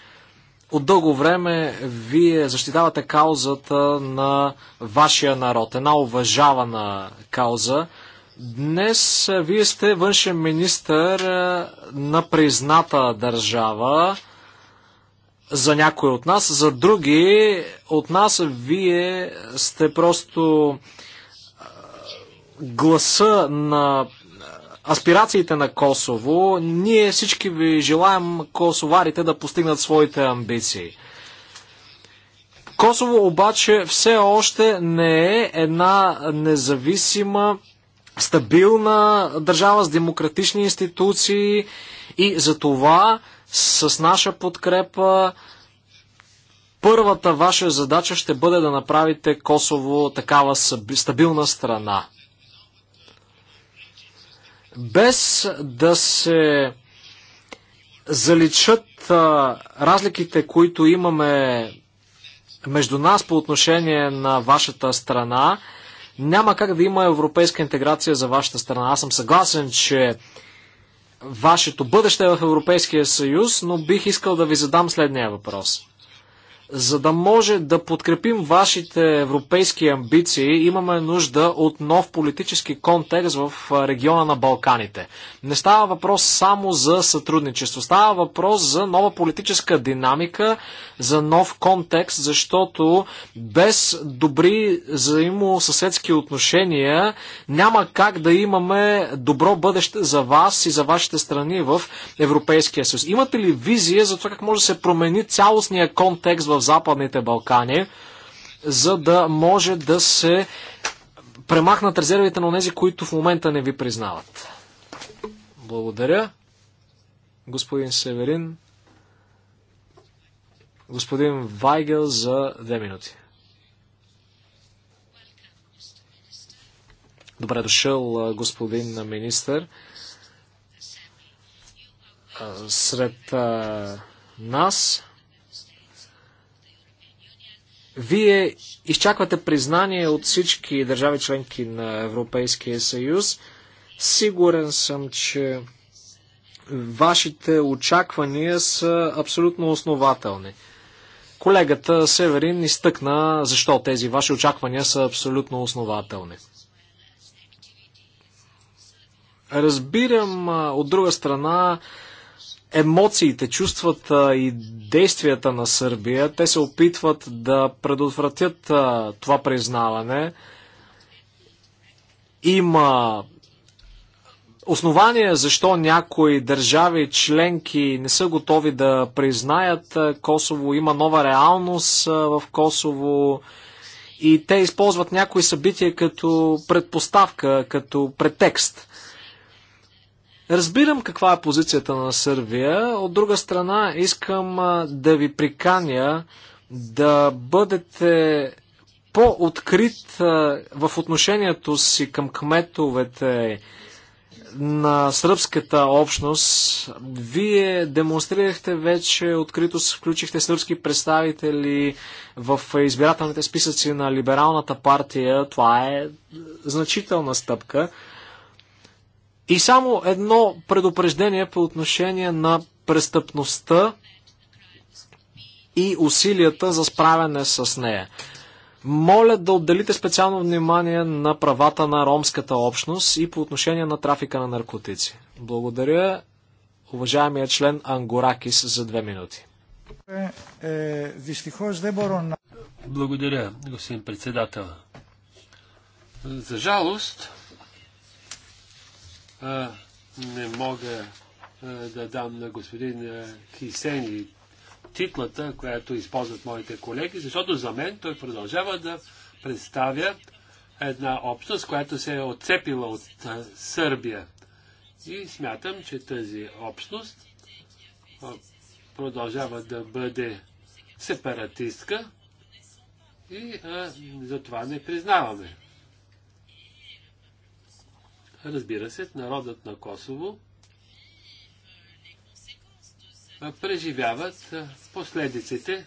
От дълго време вие защитавате каузата на вашия народ. Една уважавана кауза. Днес вие сте външен министър е, на призната държава за някои от нас, за други от нас вие сте просто гласа на аспирациите на Косово, ние всички ви желаем косоварите да постигнат своите амбиции. Косово обаче все още не е една независима, стабилна държава с демократични институции и за това с наша подкрепа първата ваша задача ще бъде да направите Косово такава стабилна страна без да се заличат а, разликите, които имаме между нас по отношение на вашата страна, няма как да има европейска интеграция за вашата страна. Аз съм съгласен, че вашето бъдеще е в Европейския съюз, но бих искал да ви задам следния въпрос. За да може да подкрепим вашите европейски амбиции, имаме нужда от нов политически контекст в региона на Балканите. Не става въпрос само за сътрудничество, става въпрос за нова политическа динамика, за нов контекст, защото без добри взаимосъседски отношения няма как да имаме добро бъдеще за вас и за вашите страни в Европейския съюз. Имате ли визия за това как може да се промени цялостния контекст в Западните Балкани, за да може да се премахнат резервите на тези, които в момента не ви признават. Благодаря. Господин Северин. Господин Вайгел за две минути. Добре дошъл, господин министър. Сред нас вие изчаквате признание от всички държави членки на Европейския съюз. Сигурен съм, че вашите очаквания са абсолютно основателни. Колегата Северин изтъкна защо тези ваши очаквания са абсолютно основателни. Разбирам от друга страна емоциите, чувствата и действията на Сърбия. Те се опитват да предотвратят това признаване. Има основания защо някои държави членки не са готови да признаят Косово. Има нова реалност в Косово и те използват някои събития като предпоставка, като претекст. Разбирам каква е позицията на Сърбия. От друга страна, искам да ви приканя да бъдете по-открит в отношението си към кметовете на сръбската общност. Вие демонстрирахте вече открито, включихте сръбски представители в избирателните списъци на Либералната партия. Това е значителна стъпка. И само едно предупреждение по отношение на престъпността и усилията за справяне с нея. Моля да отделите специално внимание на правата на ромската общност и по отношение на трафика на наркотици. Благодаря, уважаемия член Ангоракис, за две минути. Е, Благодаря, господин председател. За жалост, а, не мога а, да дам на господин Хисени титлата, която използват моите колеги, защото за мен той продължава да представя една общност, която се е отцепила от а, Сърбия. И смятам, че тази общност а, продължава да бъде сепаратистка и а, това не признаваме Разбира се, народът на Косово преживяват последиците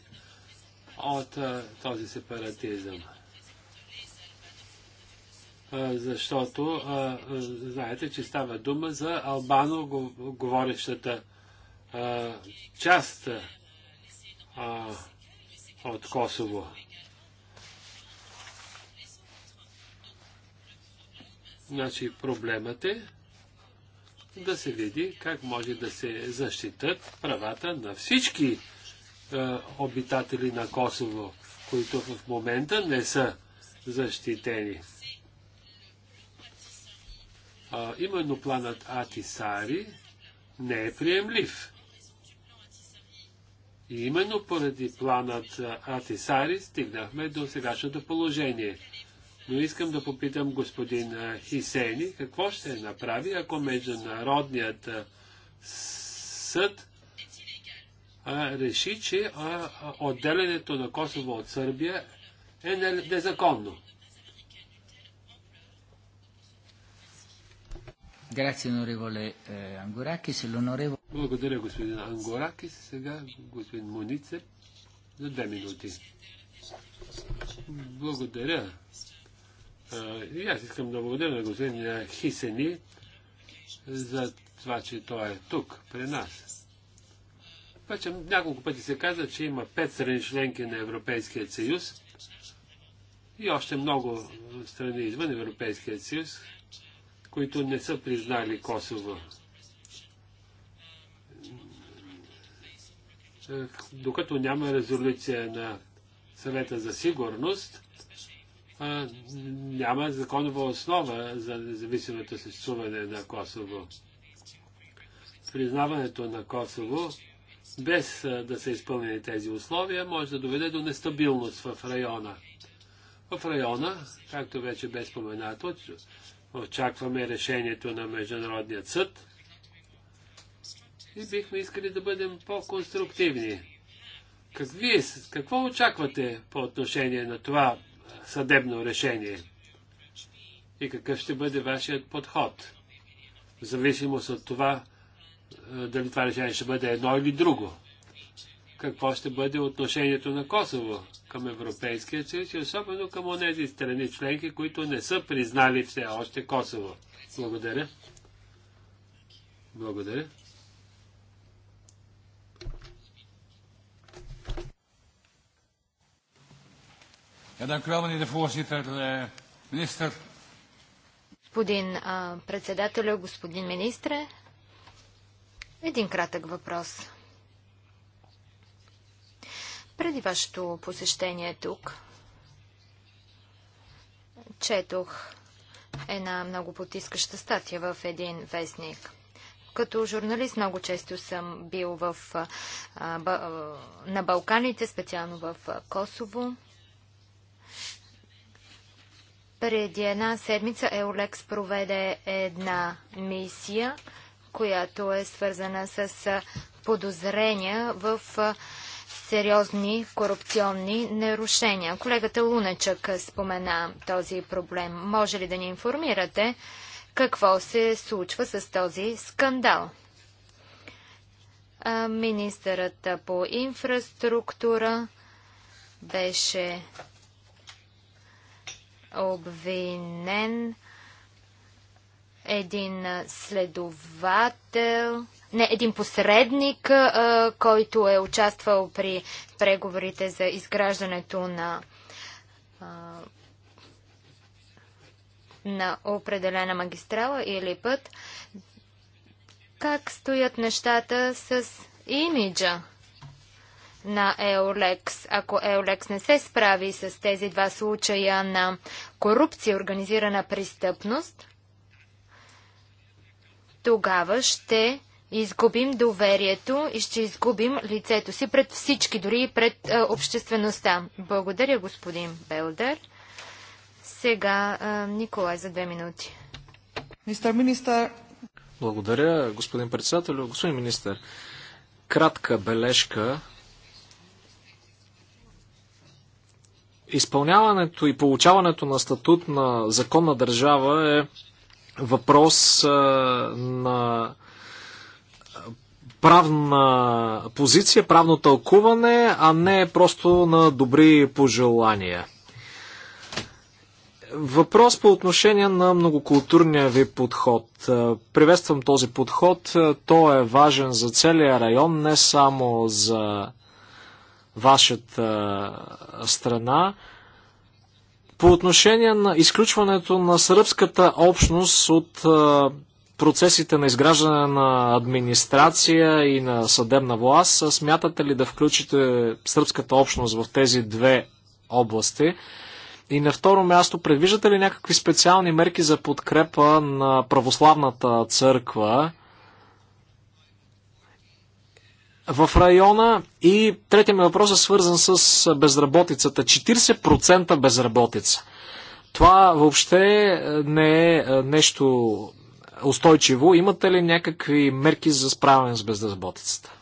от този сепаратизъм. Защото знаете, че става дума за албано говорещата част от Косово. Значи проблемът е да се види как може да се защитат правата на всички е, обитатели на Косово, които в момента не са защитени. А, именно планът Атисари не е приемлив. И именно поради планът Атисари стигнахме до сегашното положение – но искам да попитам господин Хисени какво ще направи, ако Международният съд реши, че отделянето на Косово от Сърбия е незаконно. Е, Благодаря, господин Ангоракис. Сега господин Монице за две минути. Благодаря, и аз искам да благодаря на господин Хисени за това, че той е тук, при нас. Вече няколко пъти се каза, че има пет страни членки на Европейския съюз и още много страни извън Европейския съюз, които не са признали Косово. Докато няма резолюция на съвета за сигурност, няма законова основа за независимото съществуване на Косово. Признаването на Косово, без да са изпълнени тези условия, може да доведе до нестабилност в района. В района, както вече бе споменато, очакваме решението на Международният съд и бихме искали да бъдем по-конструктивни. Как вие, какво очаквате по отношение на това съдебно решение? И какъв ще бъде вашият подход? В зависимост от това, е, дали това решение ще бъде едно или друго. Какво ще бъде отношението на Косово към Европейския съюз и особено към тези страни членки, които не са признали все още Косово? Благодаря. Благодаря. Ja, dank u wel, meneer de voorzitter. Eh, minister. Господин председател, господин министре, един кратък въпрос. Преди вашето посещение тук, четох една много потискаща статия в един вестник. Като журналист много често съм бил в, а, ба, на Балканите, специално в Косово. Преди една седмица Еолекс проведе една мисия, която е свързана с подозрения в сериозни корупционни нарушения. Колегата Луначък спомена този проблем. Може ли да ни информирате какво се случва с този скандал? Министърът по инфраструктура беше обвинен един следовател, не, един посредник, който е участвал при преговорите за изграждането на, на определена магистрала или път. Как стоят нещата с имиджа на Еолекс. Ако Еолекс не се справи с тези два случая на корупция и организирана престъпност, тогава ще изгубим доверието и ще изгубим лицето си пред всички, дори и пред е, обществеността. Благодаря, господин Белдер. Сега е, Николай за две минути. Мистер министър. Благодаря, господин председател. Господин министър, кратка бележка изпълняването и получаването на статут на законна държава е въпрос на правна позиция, правно тълкуване, а не просто на добри пожелания. Въпрос по отношение на многокултурния ви подход. Приветствам този подход. Той е важен за целия район, не само за вашата страна. По отношение на изключването на сръбската общност от процесите на изграждане на администрация и на съдебна власт, смятате ли да включите сръбската общност в тези две области? И на второ място, предвиждате ли някакви специални мерки за подкрепа на православната църква? в района. И третия ми въпрос е свързан с безработицата. 40% безработица. Това въобще е, не е, е нещо устойчиво. Имате ли някакви мерки за справяне с безработицата?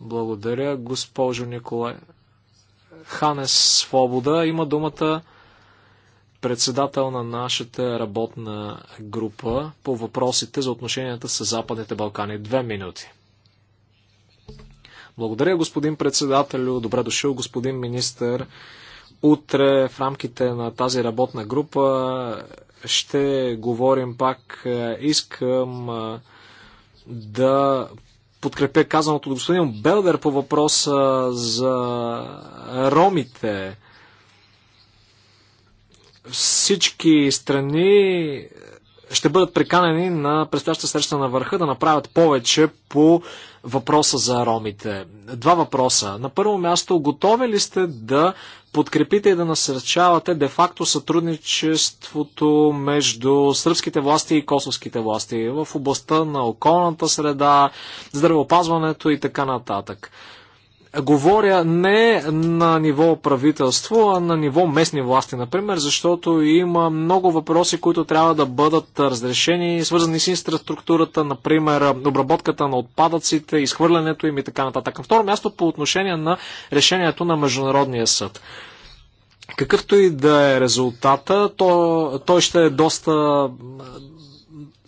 Благодаря, госпожо Николай. Ханес Свобода има думата председател на нашата работна група по въпросите за отношенията с Западните Балкани. Две минути. Благодаря, господин председателю. Добре дошъл, господин министър. Утре в рамките на тази работна група ще говорим пак. Искам да подкрепя казаното от господин Белдер по въпроса за ромите. Всички страни ще бъдат приканени на предстояща среща на върха да направят повече по въпроса за ромите. Два въпроса. На първо място, готови ли сте да подкрепите и да насърчавате де-факто сътрудничеството между сръбските власти и косовските власти в областта на околната среда, здравеопазването и така нататък? Говоря не на ниво правителство, а на ниво местни власти, например, защото има много въпроси, които трябва да бъдат разрешени, свързани с инфраструктурата, например, обработката на отпадъците, изхвърлянето им и така нататък. На второ място по отношение на решението на Международния съд. Какъвто и да е резултата, то, той ще е доста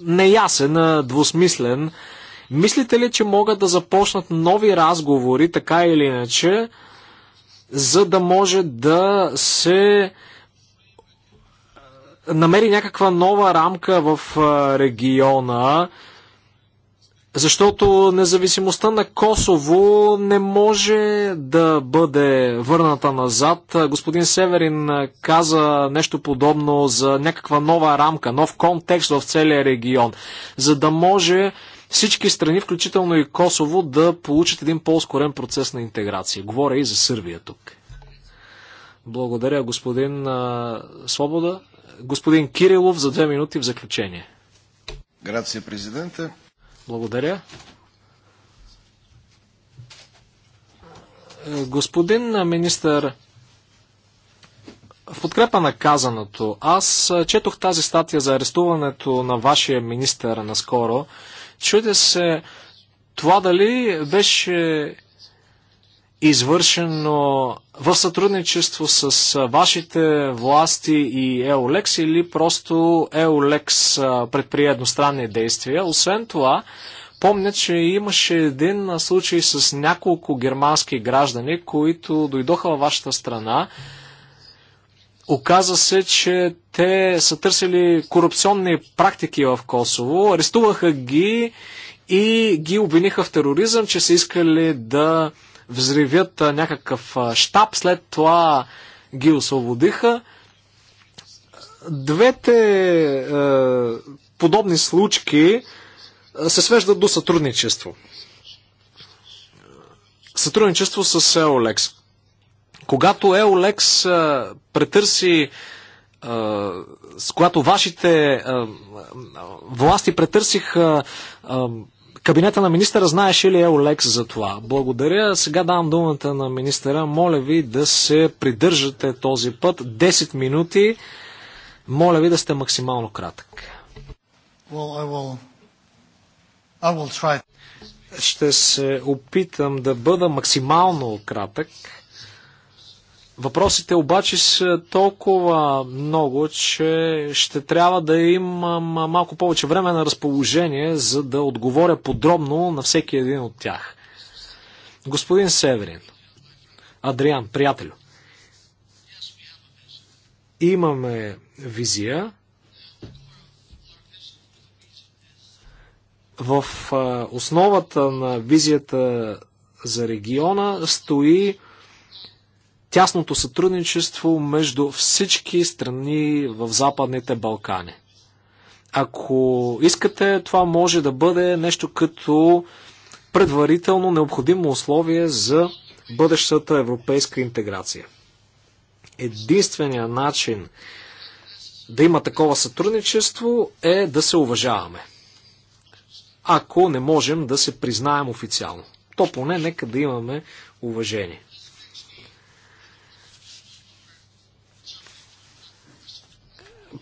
неясен, двусмислен Мислите ли, че могат да започнат нови разговори, така или иначе, за да може да се намери някаква нова рамка в региона, защото независимостта на Косово не може да бъде върната назад. Господин Северин каза нещо подобно за някаква нова рамка, нов контекст в целия регион, за да може всички страни, включително и Косово, да получат един по-ускорен процес на интеграция. Говоря и за Сърбия тук. Благодаря, господин а, Свобода. Господин Кирилов за две минути в заключение. Грация, президента. Благодаря. Господин министър, в подкрепа на казаното, аз четох тази статия за арестуването на вашия министър наскоро Чуде се това дали беше извършено в сътрудничество с вашите власти и Еолекс или просто Еолекс предприе едностранни действия. Освен това, помня, че имаше един случай с няколко германски граждани, които дойдоха във вашата страна, Оказа се, че те са търсили корупционни практики в Косово, арестуваха ги и ги обвиниха в тероризъм, че са искали да взривят някакъв щаб, след това ги освободиха. Двете е, подобни случки се свеждат до сътрудничество. Сътрудничество с Олекс. Когато Еолекс претърси с когато вашите власти претърсиха кабинета на министъра, знаеше ли Еолекс за това? Благодаря. Сега давам думата на министъра. Моля ви да се придържате този път. 10 минути. Моля ви да сте максимално кратък. Well, I will... I will Ще се опитам да бъда максимално кратък. Въпросите обаче са толкова много, че ще трябва да имам малко повече време на разположение, за да отговоря подробно на всеки един от тях. Господин Северин, Адриан, приятелю, имаме визия. В основата на визията за региона стои тясното сътрудничество между всички страни в Западните Балкани. Ако искате, това може да бъде нещо като предварително необходимо условие за бъдещата европейска интеграция. Единственият начин да има такова сътрудничество е да се уважаваме. Ако не можем да се признаем официално, то поне нека да имаме уважение.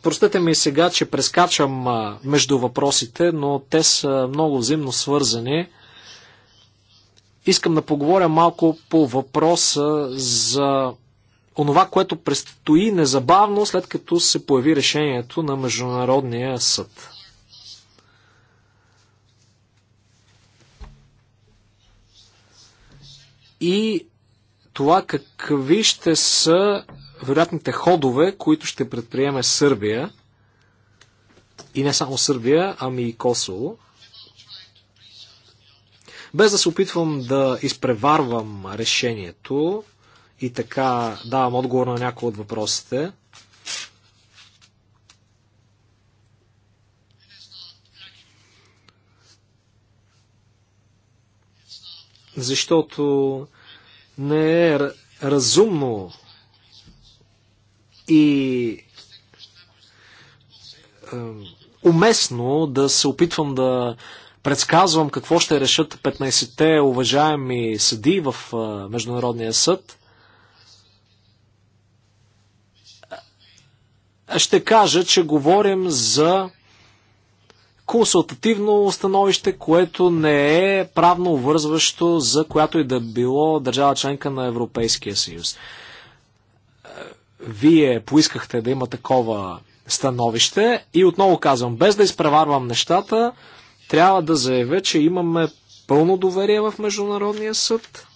Простете ми сега, че прескачам между въпросите, но те са много взаимно свързани. Искам да поговоря малко по въпроса за онова, което предстои незабавно, след като се появи решението на Международния съд. И това какви ще са вероятните ходове, които ще предприеме Сърбия, и не само Сърбия, ами и Косово. Без да се опитвам да изпреварвам решението и така давам отговор на някои от въпросите, защото не е разумно и е, уместно да се опитвам да предсказвам какво ще решат 15-те уважаеми съди в е, Международния съд. Ще кажа, че говорим за консултативно установище, което не е правно вързващо за която и да било държава членка на Европейския съюз вие поискахте да има такова становище и отново казвам, без да изпреварвам нещата, трябва да заявя, че имаме пълно доверие в Международния съд,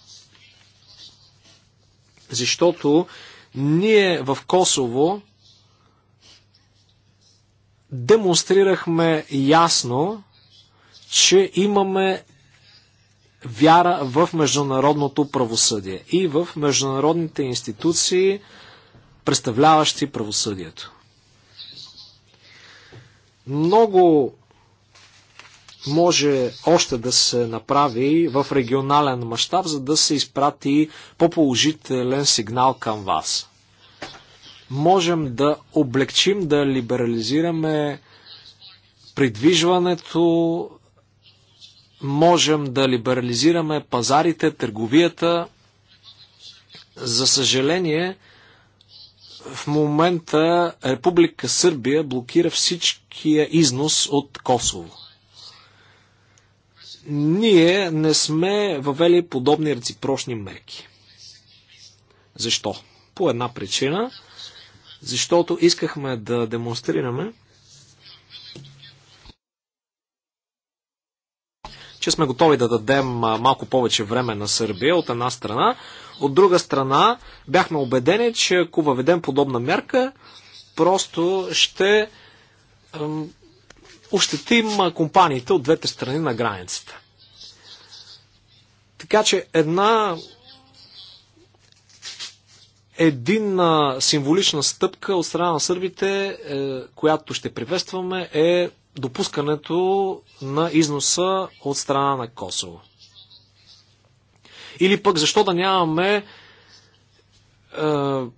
защото ние в Косово демонстрирахме ясно, че имаме вяра в международното правосъдие и в международните институции, представляващи правосъдието. Много може още да се направи в регионален мащаб, за да се изпрати по-положителен сигнал към вас. Можем да облегчим, да либерализираме придвижването, можем да либерализираме пазарите, търговията. За съжаление, в момента Република Сърбия блокира всичкия износ от Косово. Ние не сме въвели подобни реципрочни мерки. Защо? По една причина. Защото искахме да демонстрираме, че сме готови да дадем малко повече време на Сърбия от една страна, от друга страна, бяхме убедени, че ако въведем подобна мерка, просто ще ощетим компаниите от двете страни на границата. Така че една един символична стъпка от страна на сърбите, е, която ще приветстваме, е допускането на износа от страна на Косово. Или пък защо да нямаме е,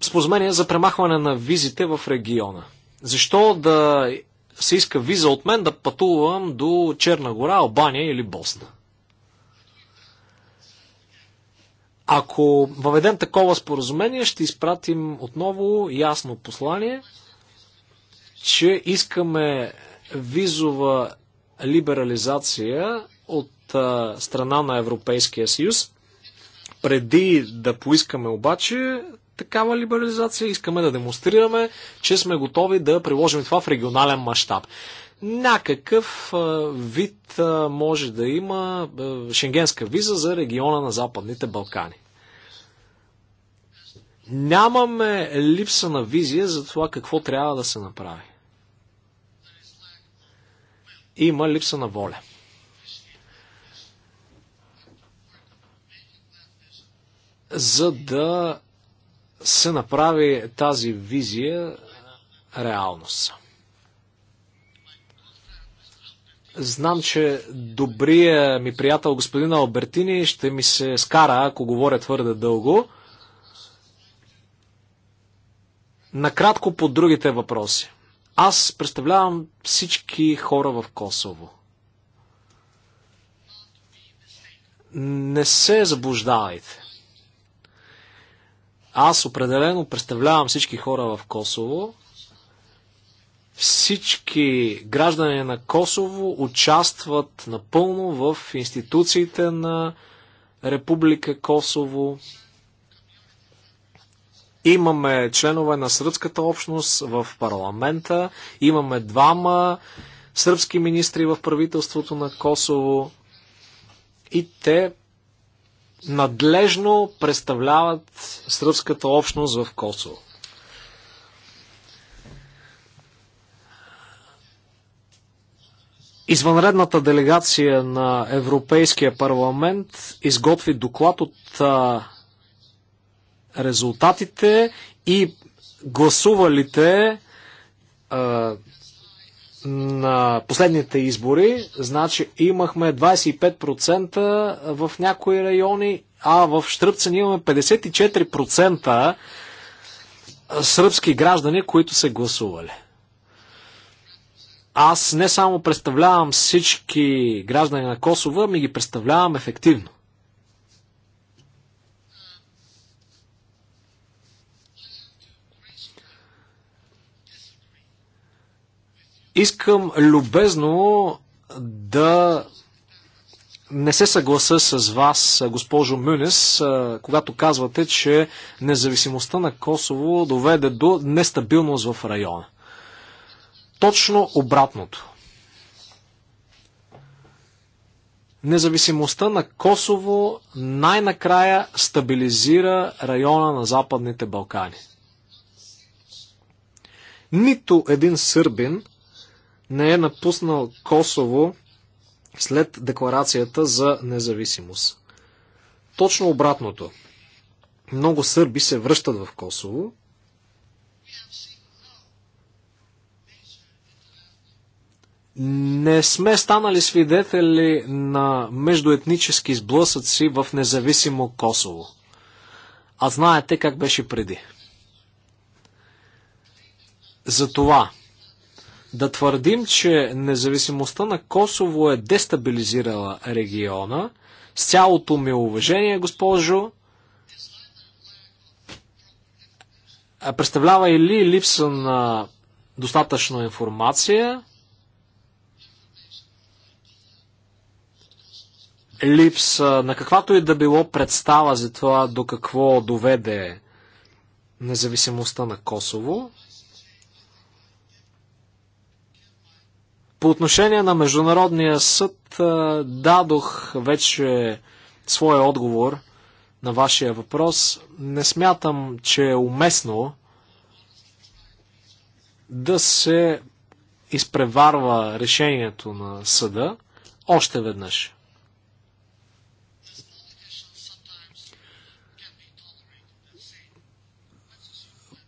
споразумение за премахване на визите в региона? Защо да се иска виза от мен да пътувам до Черна гора, Албания или Босна? Ако въведем такова споразумение, ще изпратим отново ясно послание, че искаме визова либерализация от страна на Европейския съюз. Преди да поискаме обаче такава либерализация, искаме да демонстрираме, че сме готови да приложим това в регионален мащаб. Някакъв вид може да има шенгенска виза за региона на Западните Балкани. Нямаме липса на визия за това какво трябва да се направи. Има липса на воля. за да се направи тази визия реалност. Знам, че добрия ми приятел господин Албертини ще ми се скара, ако говоря твърде дълго. Накратко по другите въпроси. Аз представлявам всички хора в Косово. Не се заблуждавайте. Аз определено представлявам всички хора в Косово. Всички граждани на Косово участват напълно в институциите на Република Косово. Имаме членове на сръбската общност в парламента, имаме двама сръбски министри в правителството на Косово и те надлежно представляват сръбската общност в Косово. Извънредната делегация на Европейския парламент изготви доклад от а, резултатите и гласувалите а, на последните избори, значи имахме 25% в някои райони, а в Штръпцен имаме 54% сръбски граждани, които са гласували. Аз не само представлявам всички граждани на Косово, ми ги представлявам ефективно. Искам любезно да не се съгласа с вас, госпожо Мюнес, когато казвате, че независимостта на Косово доведе до нестабилност в района. Точно обратното. Независимостта на Косово най-накрая стабилизира района на Западните Балкани. Нито един сърбин не е напуснал Косово след декларацията за независимост. Точно обратното. Много сърби се връщат в Косово. Не сме станали свидетели на междуетнически сблъсъци в независимо Косово. А знаете как беше преди. Затова да твърдим, че независимостта на Косово е дестабилизирала региона, с цялото ми уважение, госпожо, представлява или липса на достатъчно информация, липса на каквато и да било представа за това до какво доведе независимостта на Косово. По отношение на Международния съд дадох вече своя отговор на вашия въпрос. Не смятам, че е уместно да се изпреварва решението на съда още веднъж.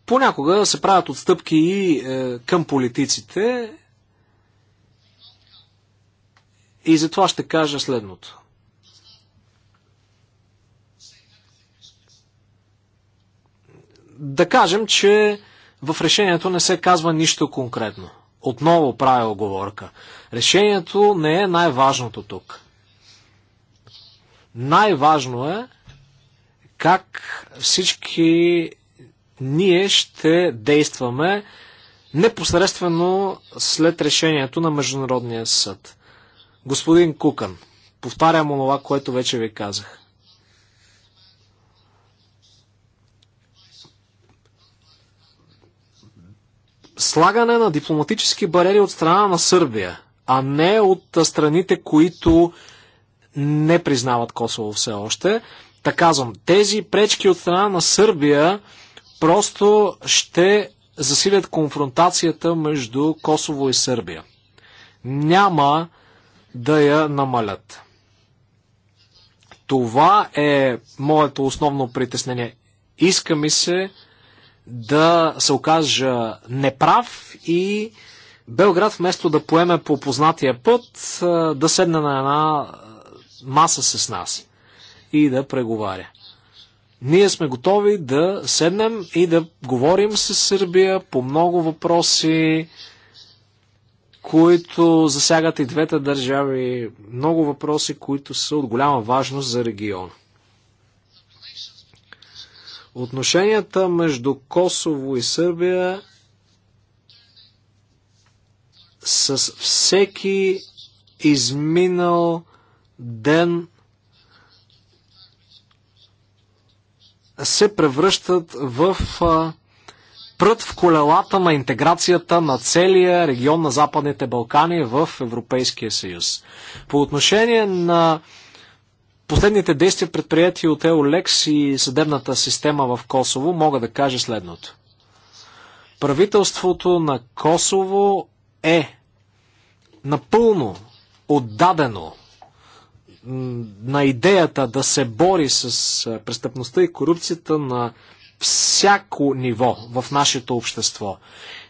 Понякога се правят отстъпки и е, към политиците, и затова ще кажа следното. Да кажем, че в решението не се казва нищо конкретно. Отново правя оговорка. Решението не е най-важното тук. Най-важно е как всички ние ще действаме непосредствено след решението на Международния съд. Господин Кукан, повтарям онова, което вече ви казах. Слагане на дипломатически барери от страна на Сърбия, а не от страните, които не признават Косово все още. Та казвам, тези пречки от страна на Сърбия просто ще засилят конфронтацията между Косово и Сърбия. Няма да я намалят. Това е моето основно притеснение. Иска ми се да се окажа неправ и Белград вместо да поеме по познатия път, да седне на една маса с нас и да преговаря. Ние сме готови да седнем и да говорим с Сърбия по много въпроси, които засягат и двете държави. Много въпроси, които са от голяма важност за региона. Отношенията между Косово и Сърбия с всеки изминал ден се превръщат в прът в колелата на интеграцията на целия регион на Западните Балкани в Европейския съюз. По отношение на последните действия предприяти от Еолекс и съдебната система в Косово, мога да кажа следното. Правителството на Косово е напълно отдадено на идеята да се бори с престъпността и корупцията на всяко ниво в нашето общество.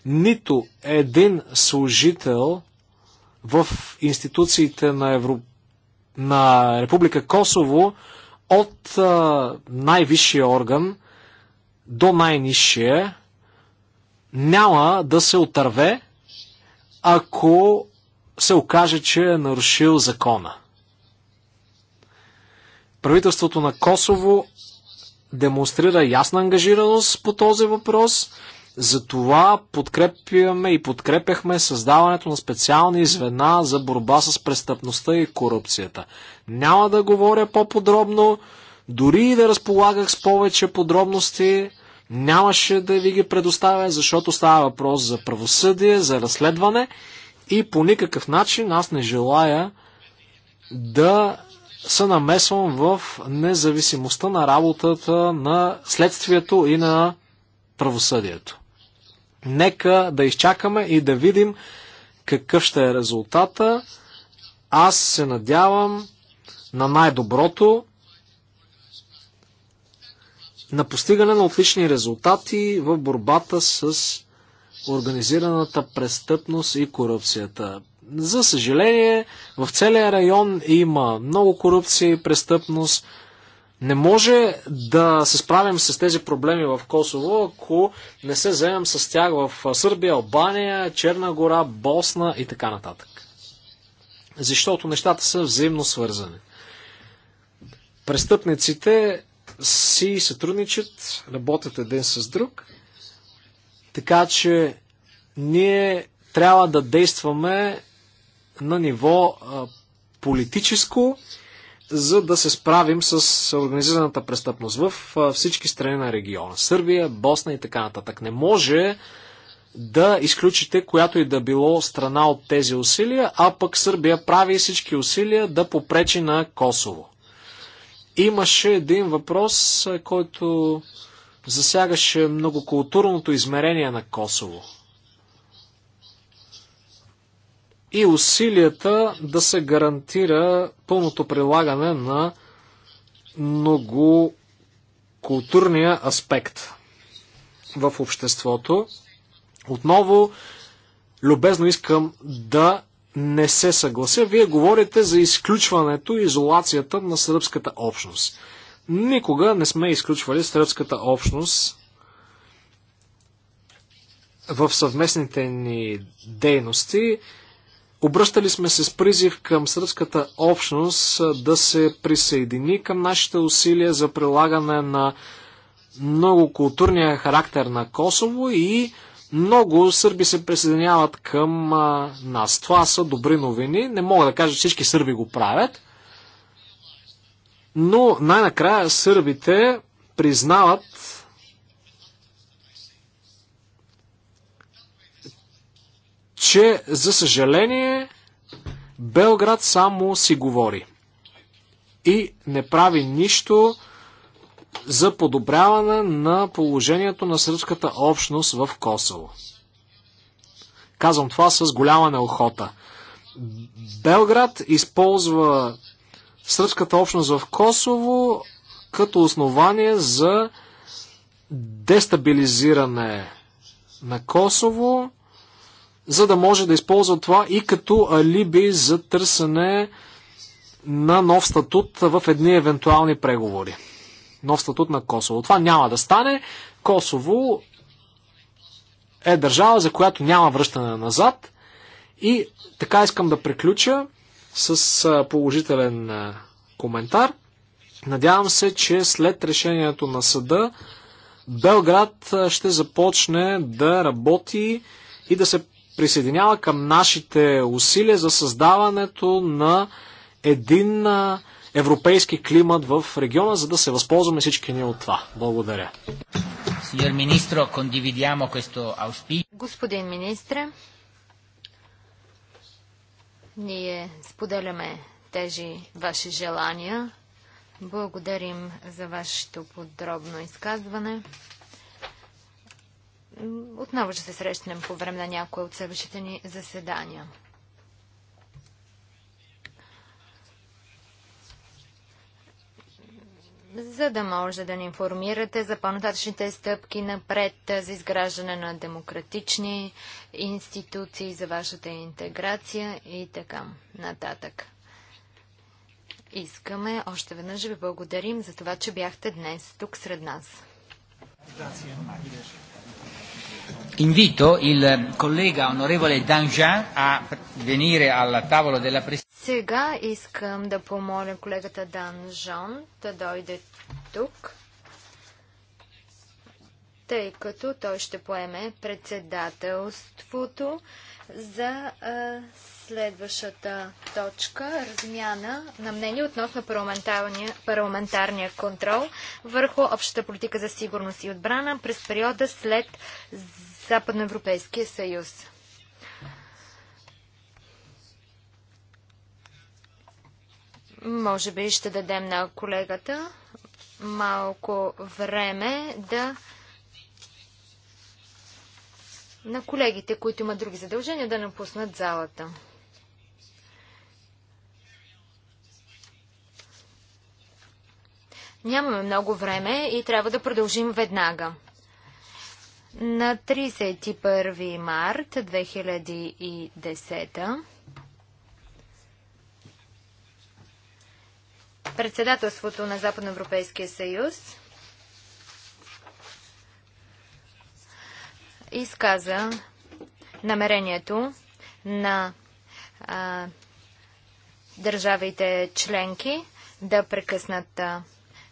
Нито един служител в институциите на, Евро... на Република Косово от най-висшия орган до най-низшия няма да се отърве, ако се окаже, че е нарушил закона. Правителството на Косово демонстрира ясна ангажираност по този въпрос. Затова подкрепяме и подкрепяхме създаването на специални звена за борба с престъпността и корупцията. Няма да говоря по-подробно, дори и да разполагах с повече подробности, нямаше да ви ги предоставя, защото става въпрос за правосъдие, за разследване и по никакъв начин аз не желая да се намесвам в независимостта на работата на следствието и на правосъдието. Нека да изчакаме и да видим какъв ще е резултата. Аз се надявам на най-доброто, на постигане на отлични резултати в борбата с организираната престъпност и корупцията. За съжаление, в целия район има много корупция и престъпност. Не може да се справим с тези проблеми в Косово, ако не се вземем с тях в Сърбия, Албания, Черна гора, Босна и така нататък. Защото нещата са взаимно свързани. Престъпниците си сътрудничат, работят един с друг, така че ние трябва да действаме на ниво политическо, за да се справим с организираната престъпност в всички страни на региона. Сърбия, Босна и така нататък. Не може да изключите която и да било страна от тези усилия, а пък Сърбия прави всички усилия да попречи на Косово. Имаше един въпрос, който засягаше многокултурното измерение на Косово. и усилията да се гарантира пълното прилагане на многокултурния аспект в обществото. Отново, любезно искам да не се съглася. Вие говорите за изключването и изолацията на сръбската общност. Никога не сме изключвали сръбската общност в съвместните ни дейности. Обръщали сме се с призив към сръбската общност да се присъедини към нашите усилия за прилагане на много културния характер на Косово и много сърби се присъединяват към нас. Това са добри новини. Не мога да кажа, че всички сърби го правят. Но най-накрая сърбите признават че, за съжаление, Белград само си говори и не прави нищо за подобряване на положението на сръбската общност в Косово. Казвам това с голяма неохота. Белград използва сръбската общност в Косово като основание за дестабилизиране на Косово за да може да използва това и като алиби за търсене на нов статут в едни евентуални преговори. Нов статут на Косово. Това няма да стане. Косово е държава, за която няма връщане назад. И така искам да приключа с положителен коментар. Надявам се, че след решението на съда Белград ще започне да работи и да се присъединява към нашите усилия за създаването на един европейски климат в региона, за да се възползваме всички ние от това. Благодаря. Господин министр, ние споделяме тези ваши желания. Благодарим за вашето подробно изказване. Отново ще се срещнем по време на някои от следващите ни заседания. за да може да ни информирате за по-нататъчните стъпки напред е, за изграждане на демократични институции, за вашата интеграция и така нататък. Искаме още веднъж ви благодарим за това, че бяхте днес тук сред нас. Invito il eh, collega onorevole Danjean a venire alla tavola della Presidenza. Сега искам да помоля колегата Данжан да дойде тук, тъй като той ще поеме председателството за а, Следващата точка – размяна на мнение относно парламентарния, парламентарния контрол върху общата политика за сигурност и отбрана през периода след Западноевропейския съюз. Може би ще дадем на колегата малко време да на колегите, които имат други задължения, да напуснат залата. Нямаме много време и трябва да продължим веднага. На 31 март 2010 председателството на Западноевропейския съюз изказа намерението на а, държавите членки да прекъснат а,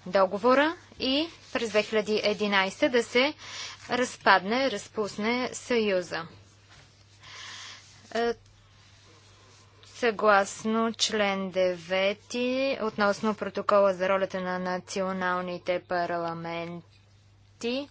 договора и през 2011 да се разпадне, разпусне Съюза. Е, съгласно член 9 относно протокола за ролята на националните парламенти,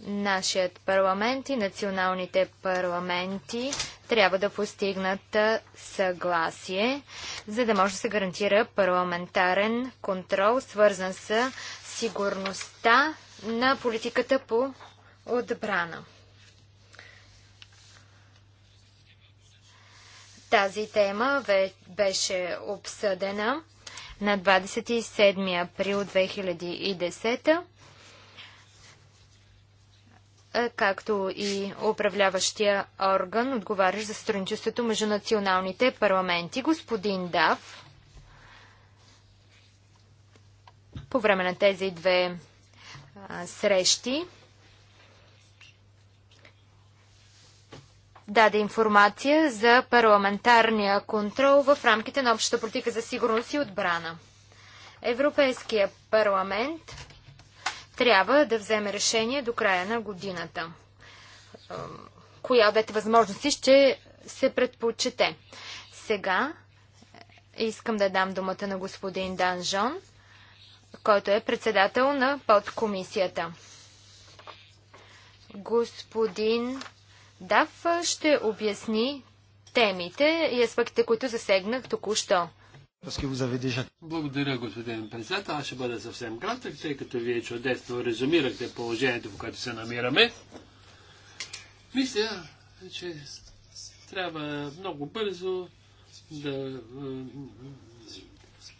нашият парламент и националните парламенти трябва да постигнат съгласие, за да може да се гарантира парламентарен контрол, свързан с сигурността на политиката по отбрана. Тази тема беше обсъдена на 27 април 2010 е, както и управляващия орган, отговарящ за сътрудничеството между националните парламенти, господин Дав. По време на тези две а, срещи даде информация за парламентарния контрол в рамките на общата политика за сигурност и отбрана. Европейския парламент трябва да вземе решение до края на годината. Коя от двете възможности ще се предпочете? Сега е, искам да дам думата на господин Данжон, който е председател на подкомисията. Господин Дав ще обясни темите и аспектите, които засегнах току-що. Благодаря, господин председател. Аз ще бъда съвсем кратък, тъй като вие чудесно резюмирахте положението, в което се намираме. Мисля, че трябва много бързо да е,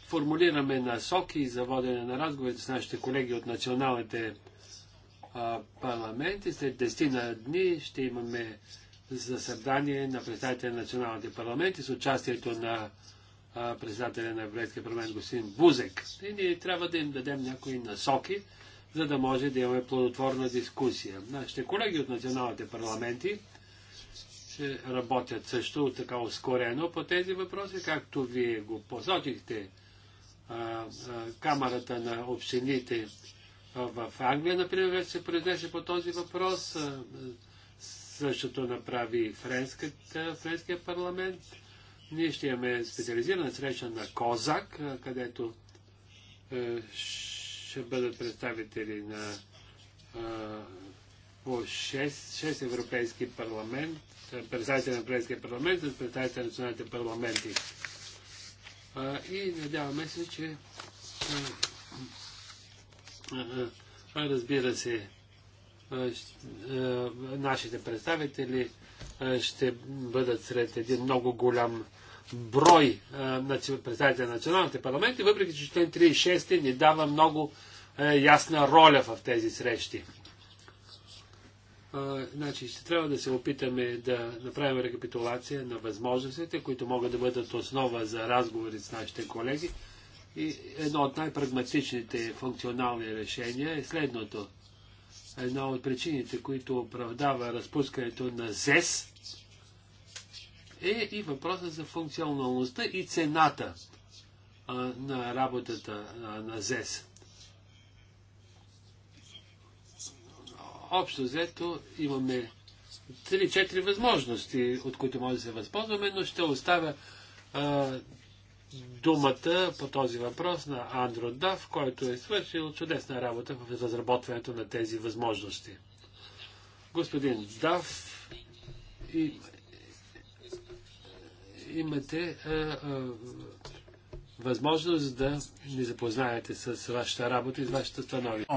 формулираме насоки за водене на разговорите с нашите колеги от националните е, парламенти. След 10 на дни ще имаме заседание на представители на националните парламенти с участието на председателя на Европейския парламент господин Бузек. И ние трябва да им дадем някои насоки, за да може да имаме плодотворна дискусия. Нашите колеги от националните парламенти ще работят също така ускорено по тези въпроси, както вие го посочихте. Камерата на общините в Англия, например, вече се произнесе по този въпрос. Същото направи Френската, Френския парламент. Ние ще имаме специализирана среща на Козак, където е, ще бъдат представители на по 6, 6 европейски парламент, е, представители на Европейския парламент представители на националните парламенти. И надяваме се, че е, разбира се, нашите представители ще бъдат сред един много голям брой представители на националните парламенти, въпреки че член 36 ни дава много ясна роля в тези срещи. значи, ще трябва да се опитаме да направим рекапитулация на възможностите, които могат да бъдат основа за разговори с нашите колеги. И едно от най-прагматичните функционални решения е следното. Една от причините, които оправдава разпускането на ЗЕС, е и въпроса за функционалността и цената а, на работата а, на ЗЕС. Общо взето имаме 3-4 възможности, от които може да се възползваме, но ще оставя а, думата по този въпрос на Андро Дав, който е свършил чудесна работа в разработването на тези възможности. Господин Дав и имате а, а, възможност да ни запознаете с вашата работа и с вашата становище.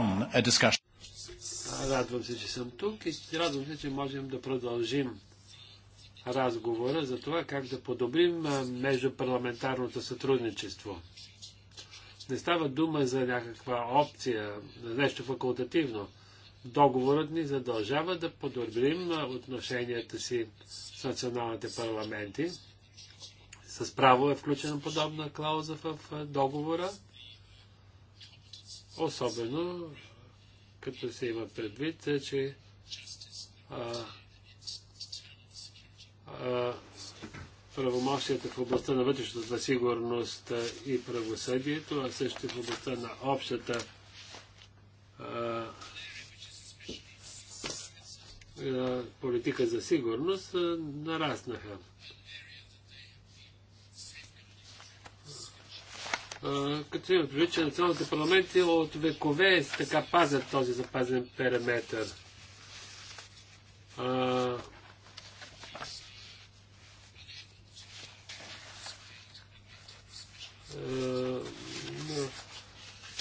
Радвам се, че съм тук и радвам се, че можем да продължим разговора за това как да подобрим междупарламентарното сътрудничество. Не става дума за някаква опция, за нещо факултативно. Договорът ни задължава да подобрим отношенията си с националните парламенти с право е включена подобна клауза в е, договора, особено като се има предвид, е, че а, а, правомощията в областта на вътрешната сигурност е, и правосъдието, а също в областта на общата а, политика за сигурност нараснаха. като имам предвид, че националните парламенти от векове така пазят този запазен периметр. А,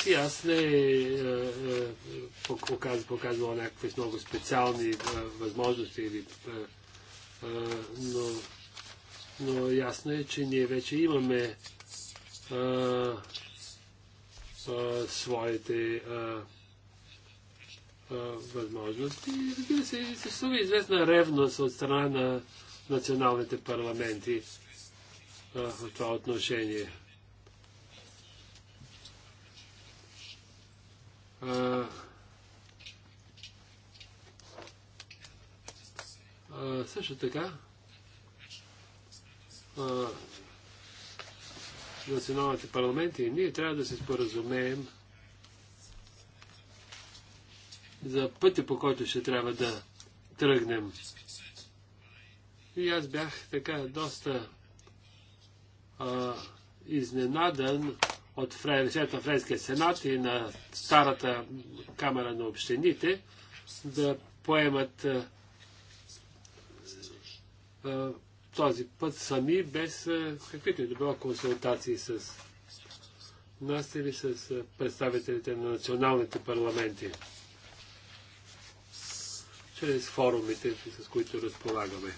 и аз не показвам, някакви много специални възможности, или, но, но ясно е, че ние вече имаме своите възможности. И разбира се, съществува известна ревност от страна на националните парламенти в това отношение. също така, националните парламенти и ние трябва да се споразумеем за пътя, по който ще трябва да тръгнем. И аз бях така доста а, изненадан от решението Френския сенат и на старата камера на общините да поемат а, а, този път сами, без каквито и да било консултации с нас или с представителите на националните парламенти, чрез форумите, с които разполагаме.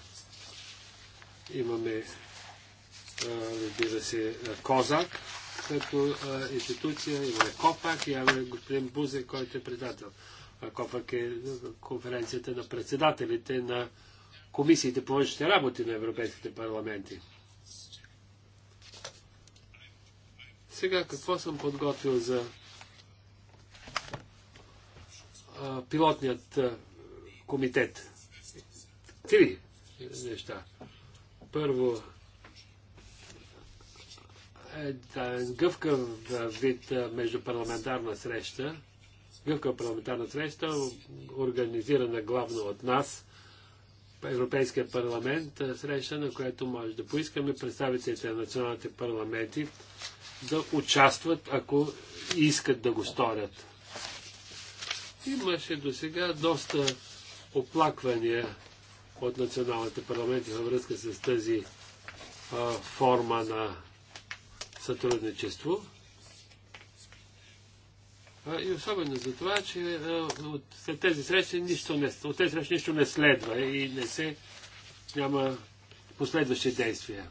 Имаме, разбира се, Козак като институция, имаме Копак, имаме господин Бузе, който е председател. Копак е конференцията на председателите на комисиите по външните работи на европейските парламенти. Сега какво съм подготвил за а, пилотният а, комитет? Три неща. Първо, един гъвкав вид междупарламентарна среща, гъвкава парламентарна среща, организирана главно от нас, Европейския парламент е, среща, на която може да поискаме представителите на националните парламенти да участват, ако искат да го сторят. Имаше до сега доста оплаквания от националните парламенти във връзка с тази а, форма на сътрудничество. И особено за това, че от тези срещи нищо не, от тези срещи нищо не следва и не се няма последващи действия.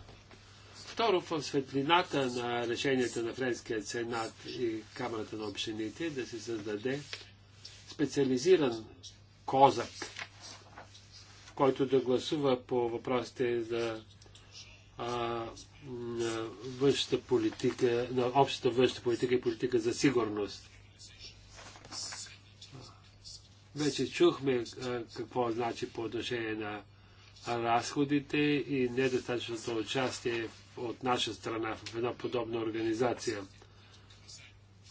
Второ, в светлината на решенията на Френския сенат и Камерата на общините е да се създаде специализиран козак, който да гласува по въпросите за а, на външната политика, на общата външна политика и политика за сигурност. Вече чухме какво значи по отношение на разходите и недостатъчното участие от наша страна в една подобна организация.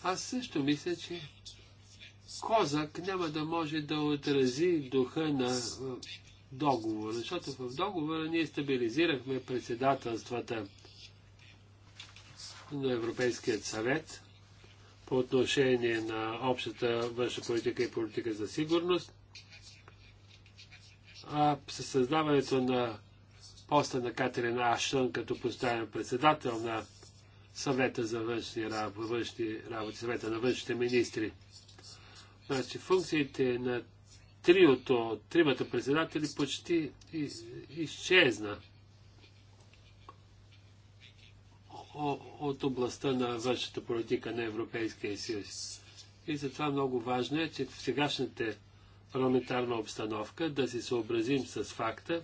Аз също мисля, че Козак няма да може да отрази духа на договора, защото в договора ние стабилизирахме председателствата на Европейският съвет по отношение на общата външна политика и политика за сигурност. А със създаването на поста на Катерина Ашън като постоянен председател на съвета за външни, външни работи, съвета на външните министри. Значи функциите на триото, тримата председатели почти из, изчезна. от областта на външната политика на Европейския съюз. И затова много важно е, че в сегашната парламентарна обстановка да се съобразим с факта,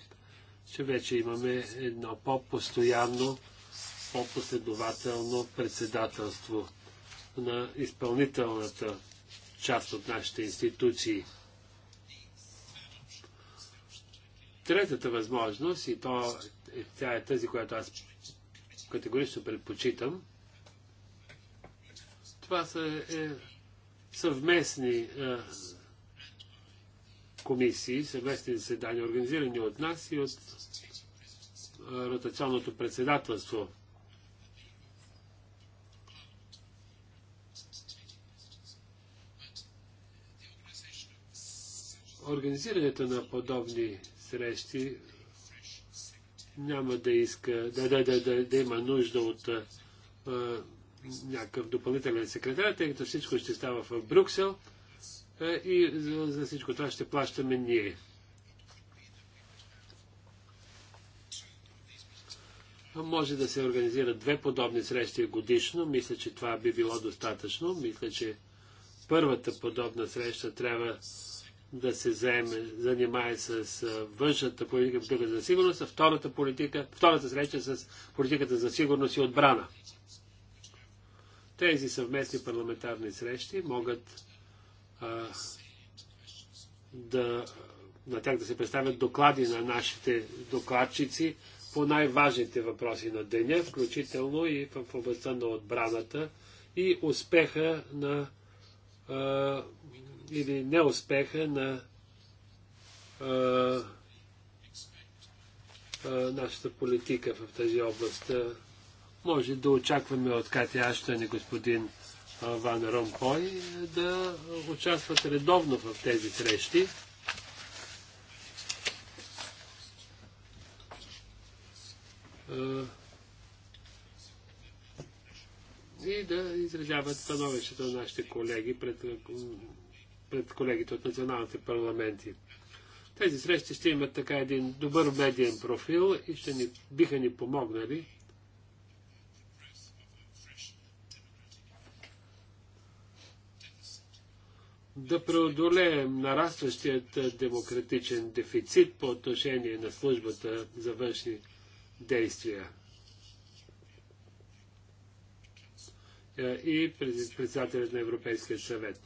че вече имаме едно по-постоянно, по-последователно председателство на изпълнителната част от нашите институции. Третата възможност, и то, е, тя е тази, която аз категорично предпочитам. Това са е, съвместни е, комисии, съвместни заседания, организирани от нас и от е, ротационното председателство. Организирането на подобни срещи няма да иска, да, да, да, да, да има нужда от а, някакъв допълнителен секретар, тъй като всичко ще става в Брюксел а, и за, за всичко това ще плащаме ние. Може да се организират две подобни срещи годишно. Мисля, че това би било достатъчно. Мисля, че първата подобна среща трябва да се заеме, занимае с външната политика, политика за сигурност, а втората, политика, втората среща с политиката за сигурност и отбрана. Тези съвместни парламентарни срещи могат а, да, на тях да се представят доклади на нашите докладчици по най-важните въпроси на деня, включително и в областта на отбраната и успеха на а, или неуспеха на а, а, нашата политика в тази област. Може да очакваме от Катя Аштън и господин Ван Ромпой да участват редовно в тези срещи. и да изразяват становището на нашите колеги пред пред колегите от националните парламенти. Тези срещи ще имат така един добър медиен профил и ще ни, биха ни помогнали да преодолеем нарастващият демократичен дефицит по отношение на службата за външни действия. Е, и председателят на Европейския съвет.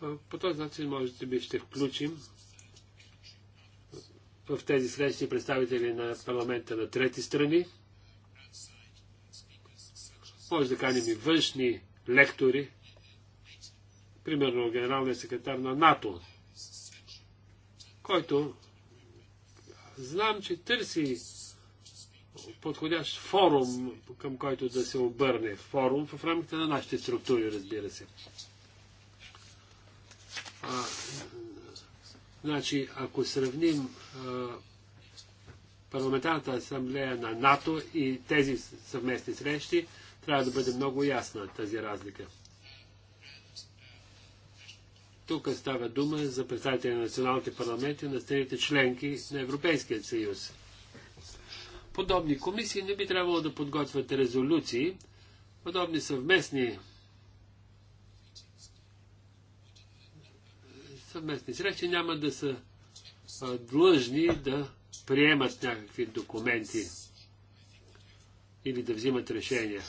По този начин, може би, ще включим в тези срещи представители на парламента на трети страни. Може да каним и външни лектори, примерно генералният секретар на НАТО, който знам, че търси подходящ форум, към който да се обърне. Форум в рамките на нашите структури, разбира се. А, значи, ако сравним а, парламентарната асамблея на НАТО и тези съвместни срещи, трябва да бъде много ясна тази разлика. Тук става дума за представители на националните парламенти на страните членки на Европейския съюз. Подобни комисии не би трябвало да подготвят резолюции, подобни съвместни съвместни срещи няма да са а, длъжни да приемат някакви документи или да взимат решения.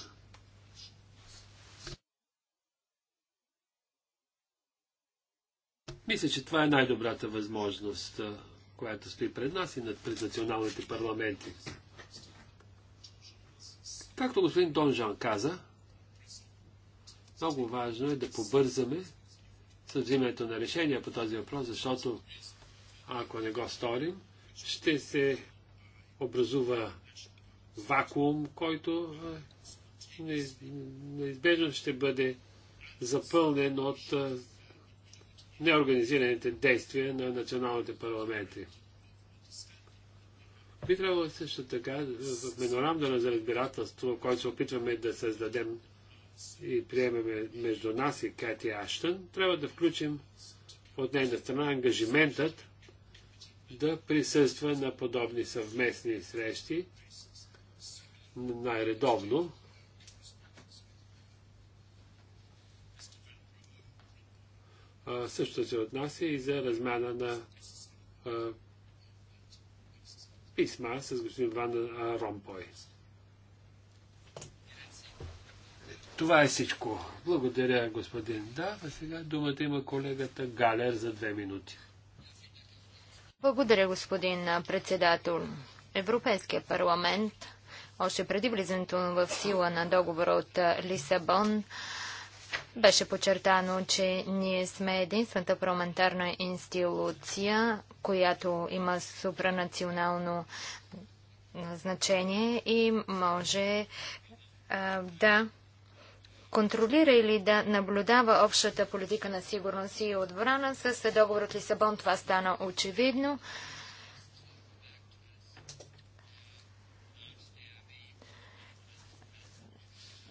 Мисля, че това е най-добрата възможност, която стои пред нас и над пред националните парламенти. Както господин Донжан каза, много важно е да побързаме с взимането на решения по този въпрос, защото ако не го сторим, ще се образува вакуум, който неизбежно ще бъде запълнен от неорганизираните действия на националните парламенти. Би трябвало също така в меморандума за разбирателство, който се опитваме да създадем и приемеме между нас и Кати Аштън, трябва да включим от нейна страна ангажиментът да присъства на подобни съвместни срещи най-редовно. Също се отнася и за размяна на а, писма с господин Ван Ромпой. Това е всичко. Благодаря, господин Да. А сега думата има колегата Галер за две минути. Благодаря, господин председател. Европейския парламент още преди влизането в сила на договора от Лисабон беше подчертано, че ние сме единствената парламентарна институция, която има супранационално значение и може а, да контролира или да наблюдава общата политика на сигурност и отбрана. С договор от Лисабон това стана очевидно.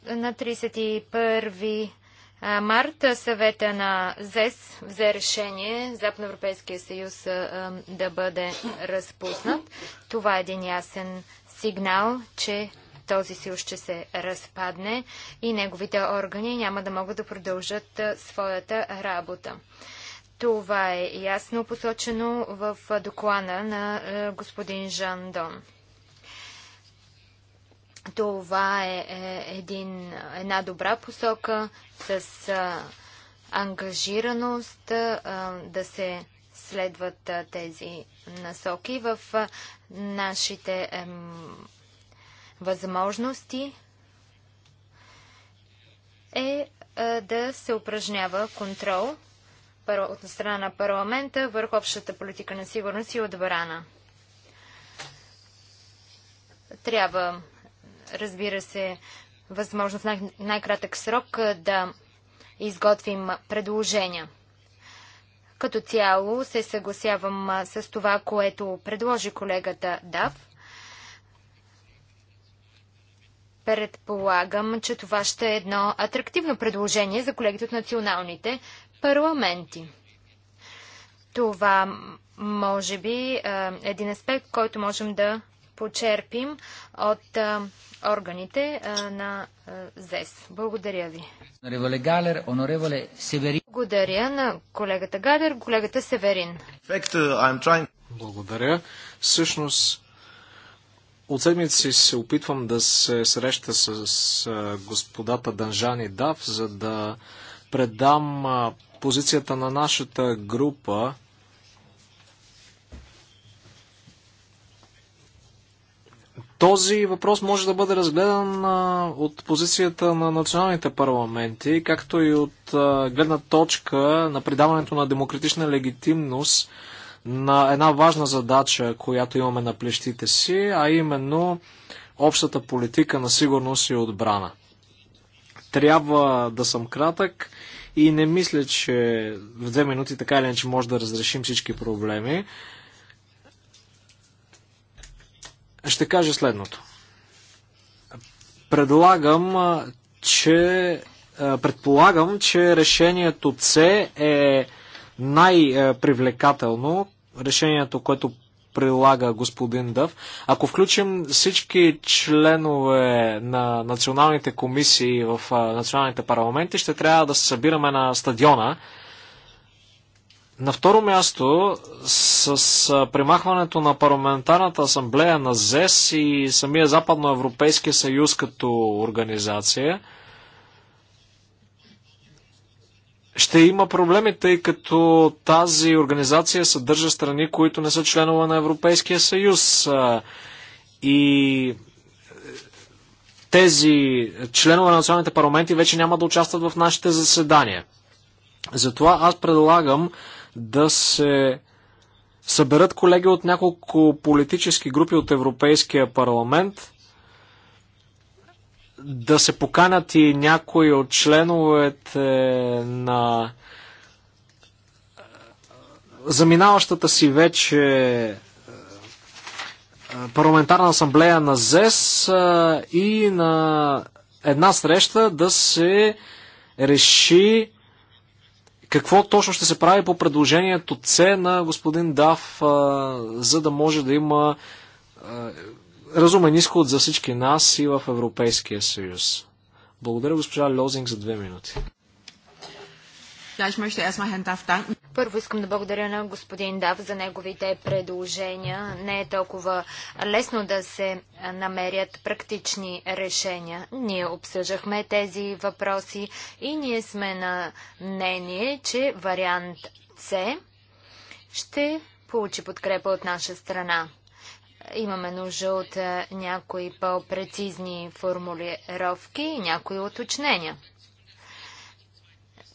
На 31 март съвета на ЗЕС взе решение Западноевропейския съюз да бъде разпуснат. Това е един ясен сигнал, че този съюз ще се разпадне и неговите органи няма да могат да продължат своята работа. Това е ясно посочено в доклада на господин Жан Дон. Това е, е един, една добра посока с ангажираност да се следват тези насоки в нашите възможности е да се упражнява контрол от страна на парламента върху общата политика на сигурност и отбрана. Трябва, разбира се, възможно в най- най-кратък срок да изготвим предложения. Като цяло се съгласявам с това, което предложи колегата Дав. Предполагам, че това ще е едно атрактивно предложение за колегите от националните парламенти. Това може би е един аспект, който можем да почерпим от органите на ЗЕС. Благодаря ви. Благодаря на колегата Гадер, колегата Северин. Uh, Благодаря. Всъщност, от седмици се опитвам да се среща с господата Данжани Дав, за да предам позицията на нашата група. Този въпрос може да бъде разгледан от позицията на националните парламенти, както и от гледна точка на придаването на демократична легитимност на една важна задача, която имаме на плещите си, а именно общата политика на сигурност и отбрана. Трябва да съм кратък и не мисля, че в две минути така или иначе може да разрешим всички проблеми. Ще кажа следното. Предлагам, че предполагам, че решението С е най-привлекателно решението, което прилага господин Дъв. Ако включим всички членове на националните комисии в националните парламенти, ще трябва да се събираме на стадиона. На второ място, с, с примахването на парламентарната асамблея на ЗЕС и самия Западноевропейски съюз като организация – ще има проблеми, тъй като тази организация съдържа страни, които не са членове на Европейския съюз. И тези членове на националните парламенти вече няма да участват в нашите заседания. Затова аз предлагам да се съберат колеги от няколко политически групи от Европейския парламент – да се поканят и някои от членовете на заминаващата си вече парламентарна асамблея на ЗЕС и на една среща да се реши какво точно ще се прави по предложението С на господин Дав, за да може да има разумен изход за всички нас и в Европейския съюз. Благодаря госпожа Лозинг за две минути. Първо искам да благодаря на господин Дав за неговите предложения. Не е толкова лесно да се намерят практични решения. Ние обсъждахме тези въпроси и ние сме на мнение, че вариант С ще получи подкрепа от наша страна. Имаме нужда от някои по-прецизни формулировки и някои уточнения.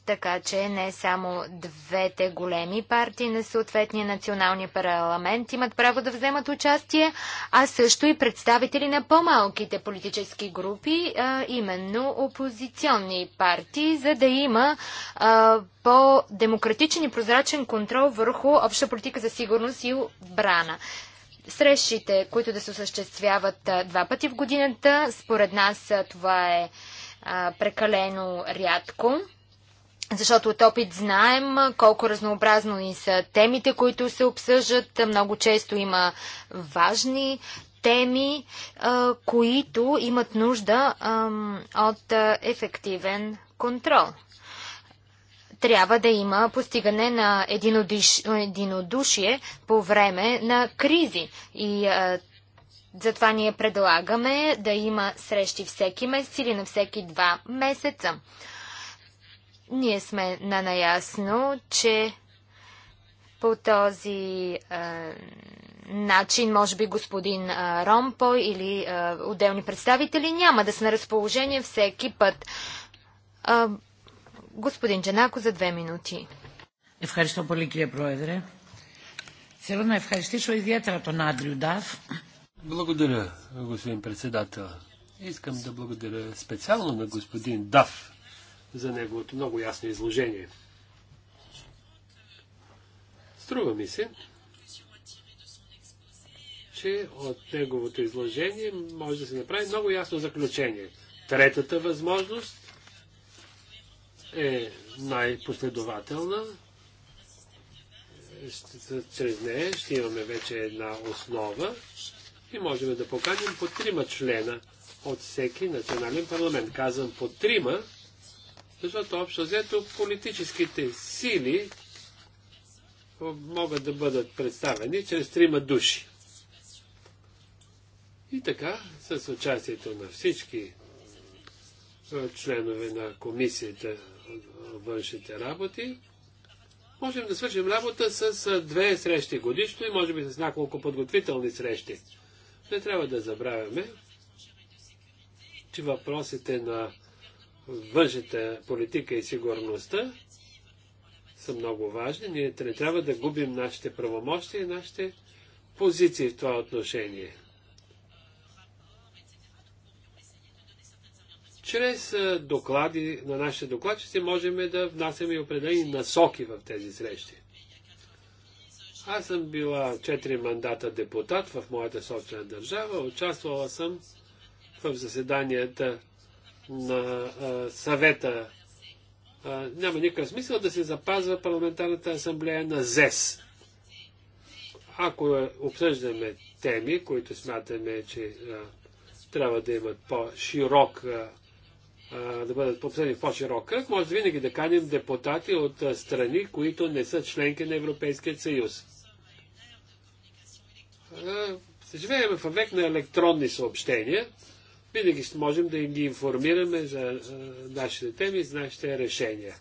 Така че не само двете големи партии на съответния национални парламент имат право да вземат участие, а също и представители на по-малките политически групи, а, именно опозиционни партии, за да има по-демократичен и прозрачен контрол върху обща политика за сигурност и брана срещите, които да се осъществяват два пъти в годината. Според нас това е прекалено рядко, защото от опит знаем колко разнообразно и са темите, които се обсъждат. Много често има важни теми, които имат нужда от ефективен контрол трябва да има постигане на единодушие по време на кризи. И а, затова ние предлагаме да има срещи всеки месец или на всеки два месеца. Ние сме на наясно, че по този а, начин, може би господин а, Ромпо или а, отделни представители няма да са на разположение всеки път. А, Господин Джанако за две минути. Ευχαριστώ πολύ κύριε Πρόεδρε. Θέλω να ευχαριστήσω ιδιαίτερα τον Άντριου Νταφ. Благодаря, господин председател. Искам да благодаря специално на господин Дав за неговото много ясно изложение. Струва ми се, че от неговото изложение може да се направи много ясно заключение. Третата възможност е най-последователна. Е, чрез нея ще имаме вече една основа и можем да поканим по трима члена от всеки национален парламент. Казвам по трима, защото общо взето политическите сили могат да бъдат представени чрез трима души. И така, с участието на всички е, членове на комисията външните работи, можем да свършим работа с две срещи годишно и може би с няколко подготвителни срещи. Не трябва да забравяме, че въпросите на външната политика и сигурността са много важни. Ние не трябва да губим нашите правомощи и нашите позиции в това отношение. Чрез доклади на нашите докладчици можем да внасяме и определени насоки в тези срещи. Аз съм била 4 мандата депутат в моята собствена държава. Участвала съм в заседанията на а, съвета. А, няма никакъв смисъл да се запазва парламентарната асамблея на ЗЕС. Ако обсъждаме теми, които смятаме, че а, трябва да имат по-широк да бъдат подсъдени в по-широк кръг, може винаги да каним депутати от страни, които не са членки на Европейския съюз. живеем в век на електронни съобщения. Винаги можем да ги информираме за нашите теми, за нашите решения.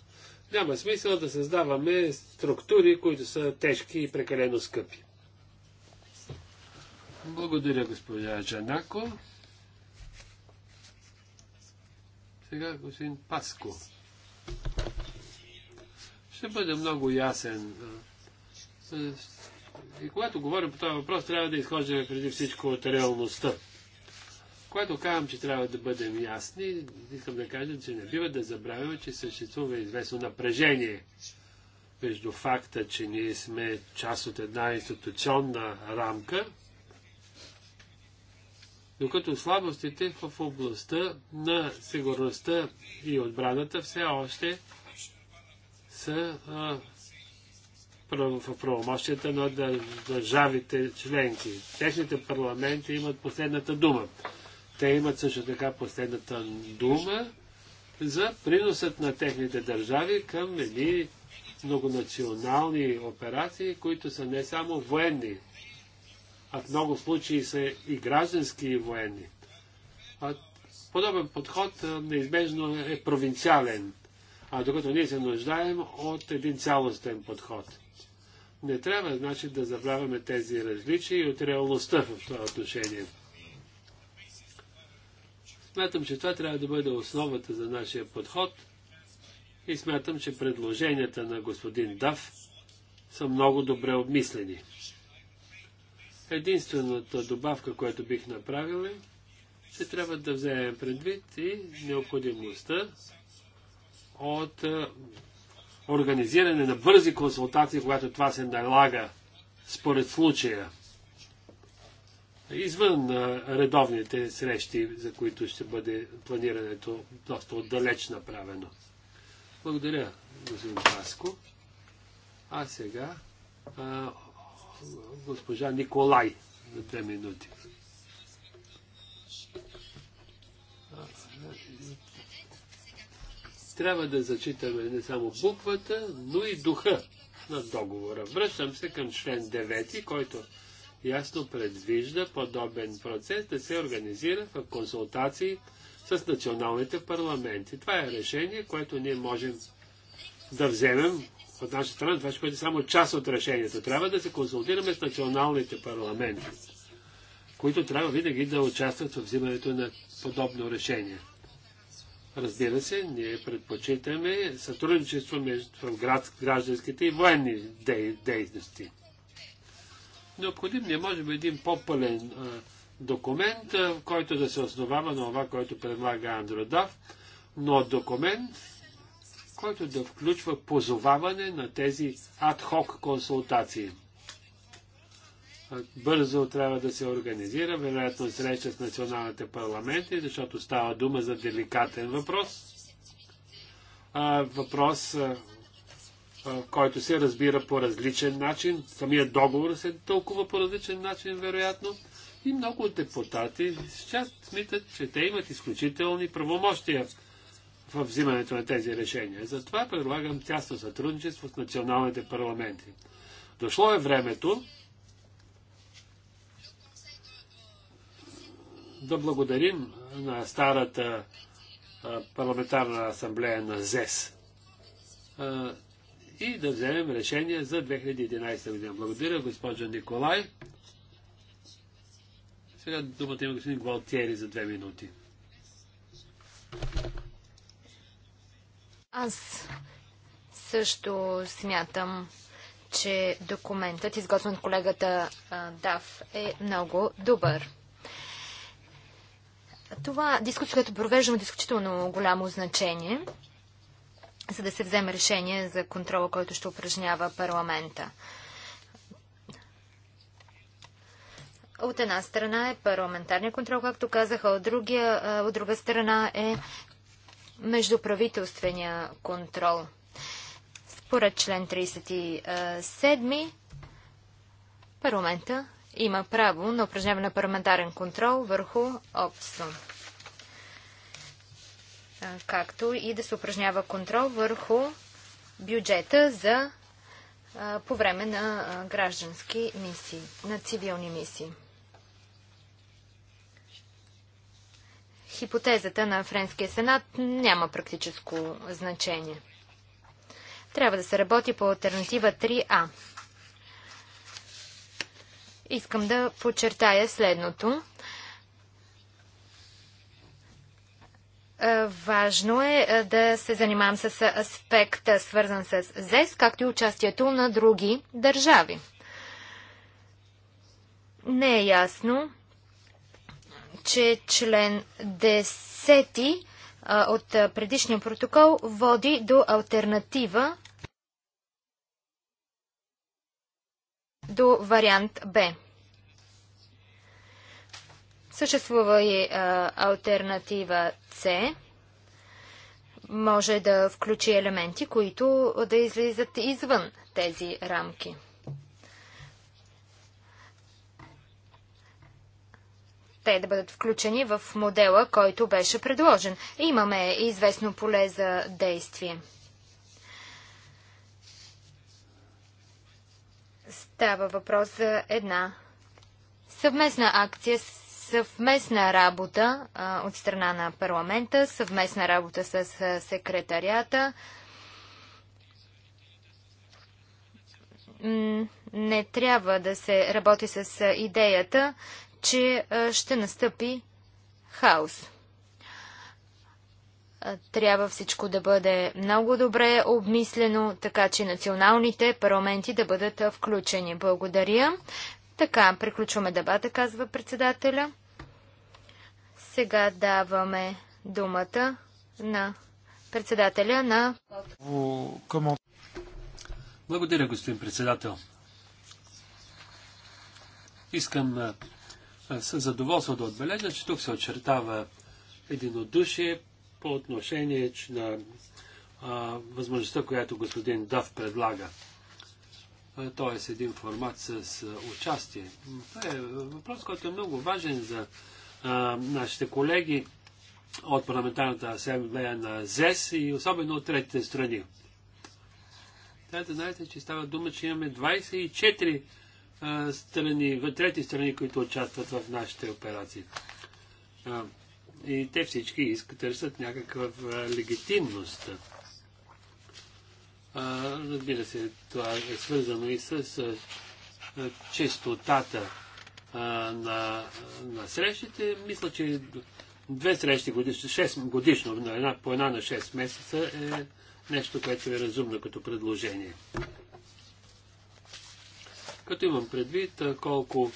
Няма смисъл да създаваме структури, които са тежки и прекалено скъпи. Благодаря, господин Джанако. Сега господин Паско. Ще бъде много ясен. И когато говорим по този въпрос, трябва да изхождаме преди всичко от реалността. Когато казвам, че трябва да бъдем ясни, искам да кажа, че не бива да забравяме, че съществува известно напрежение между факта, че ние сме част от една институционна рамка, докато слабостите в областта на сигурността и отбраната все още са в правомощията на държавите членки. Техните парламенти имат последната дума. Те имат също така последната дума за приносът на техните държави към едни многонационални операции, които са не само военни, а в много случаи са и граждански и военни. А подобен подход неизбежно е провинциален, а докато ние се нуждаем от един цялостен подход. Не трябва, значи, да забравяме тези различия и от реалността в това отношение. Смятам, че това трябва да бъде основата за нашия подход и смятам, че предложенията на господин Дав са много добре обмислени. Единствената добавка, която бих направил е, че трябва да вземем предвид и необходимостта от е, организиране на бързи консултации, когато това се налага според случая. Извън е, редовните срещи, за които ще бъде планирането доста отдалеч направено. Благодаря, господин Паско. А сега е, госпожа Николай за две минути. Трябва да зачитаме не само буквата, но и духа на договора. Връщам се към член 9, който ясно предвижда подобен процес да се организира в консултации с националните парламенти. Това е решение, което ние можем да вземем от наша страна, това ще бъде само част от решението. Трябва да се консултираме с националните парламенти, които трябва винаги да участват в взимането на подобно решение. Разбира се, ние предпочитаме сътрудничество между град, гражданските и военни дейности. Необходим не можем един по-пълен документ, а, който да се основава на това, което предлага Андродав, но документ, който да включва позоваване на тези адхок консултации. Бързо трябва да се организира, вероятно среща с националните парламенти, защото става дума за деликатен въпрос. А, въпрос, а, а, който се разбира по различен начин. Самият договор се толкова по различен начин, вероятно. И много депутати смятат, че те имат изключителни правомощия в взимането на тези решения. Затова предлагам тясно сътрудничество с националните парламенти. Дошло е времето да благодарим на старата парламентарна асамблея на ЗЕС и да вземем решение за 2011 година. Благодаря, госпожо Николай. Сега думата има господин Гвалтиери за две минути. Аз също смятам, че документът, изготвен от колегата Дав, е много добър. Това дискусия, която провеждаме, е изключително голямо значение, за да се вземе решение за контрола, който ще упражнява парламента. От една страна е парламентарния контрол, както казаха, от, другия, от друга страна е междуправителствения контрол. Според член 37 парламента има право на упражняване на парламентарен контрол върху общество. както и да се упражнява контрол върху бюджета за по време на граждански мисии, на цивилни мисии. хипотезата на Френския сенат няма практическо значение. Трябва да се работи по альтернатива 3А. Искам да подчертая следното. Е, важно е, е да се занимавам с аспекта, е, свързан с ЗЕС, както и участието на други държави. Не е ясно че член 10 от предишния протокол води до альтернатива до вариант Б. Съществува и альтернатива С. Може да включи елементи, които да излизат извън тези рамки. те да бъдат включени в модела, който беше предложен. Имаме известно поле за действие. Става въпрос за една съвместна акция, съвместна работа а, от страна на парламента, съвместна работа с секретарията. не трябва да се работи с идеята, че ще настъпи хаос. Трябва всичко да бъде много добре обмислено, така че националните парламенти да бъдат включени. Благодаря. Така, приключваме дебата, казва председателя. Сега даваме думата на председателя на... Благодаря, господин председател. Искам със задоволство да отбележа, че тук се очертава единодушие по отношение на а, възможността, която господин Дав предлага. Тоест един формат с участие. Това е въпрос, който е много важен за а, нашите колеги от парламентарната асемблея на ЗЕС и особено от третите страни. Трябва да знаете, че става дума, че имаме 24 страни, трети страни, които участват в нашите операции. И те всички искат, търсят някаква легитимност. Разбира се, това е свързано и с честотата на, на срещите. Мисля, че две срещи годишно, 6 годишно, една, по една на 6 месеца е нещо, което е разумно като предложение. Като имам предвид колко,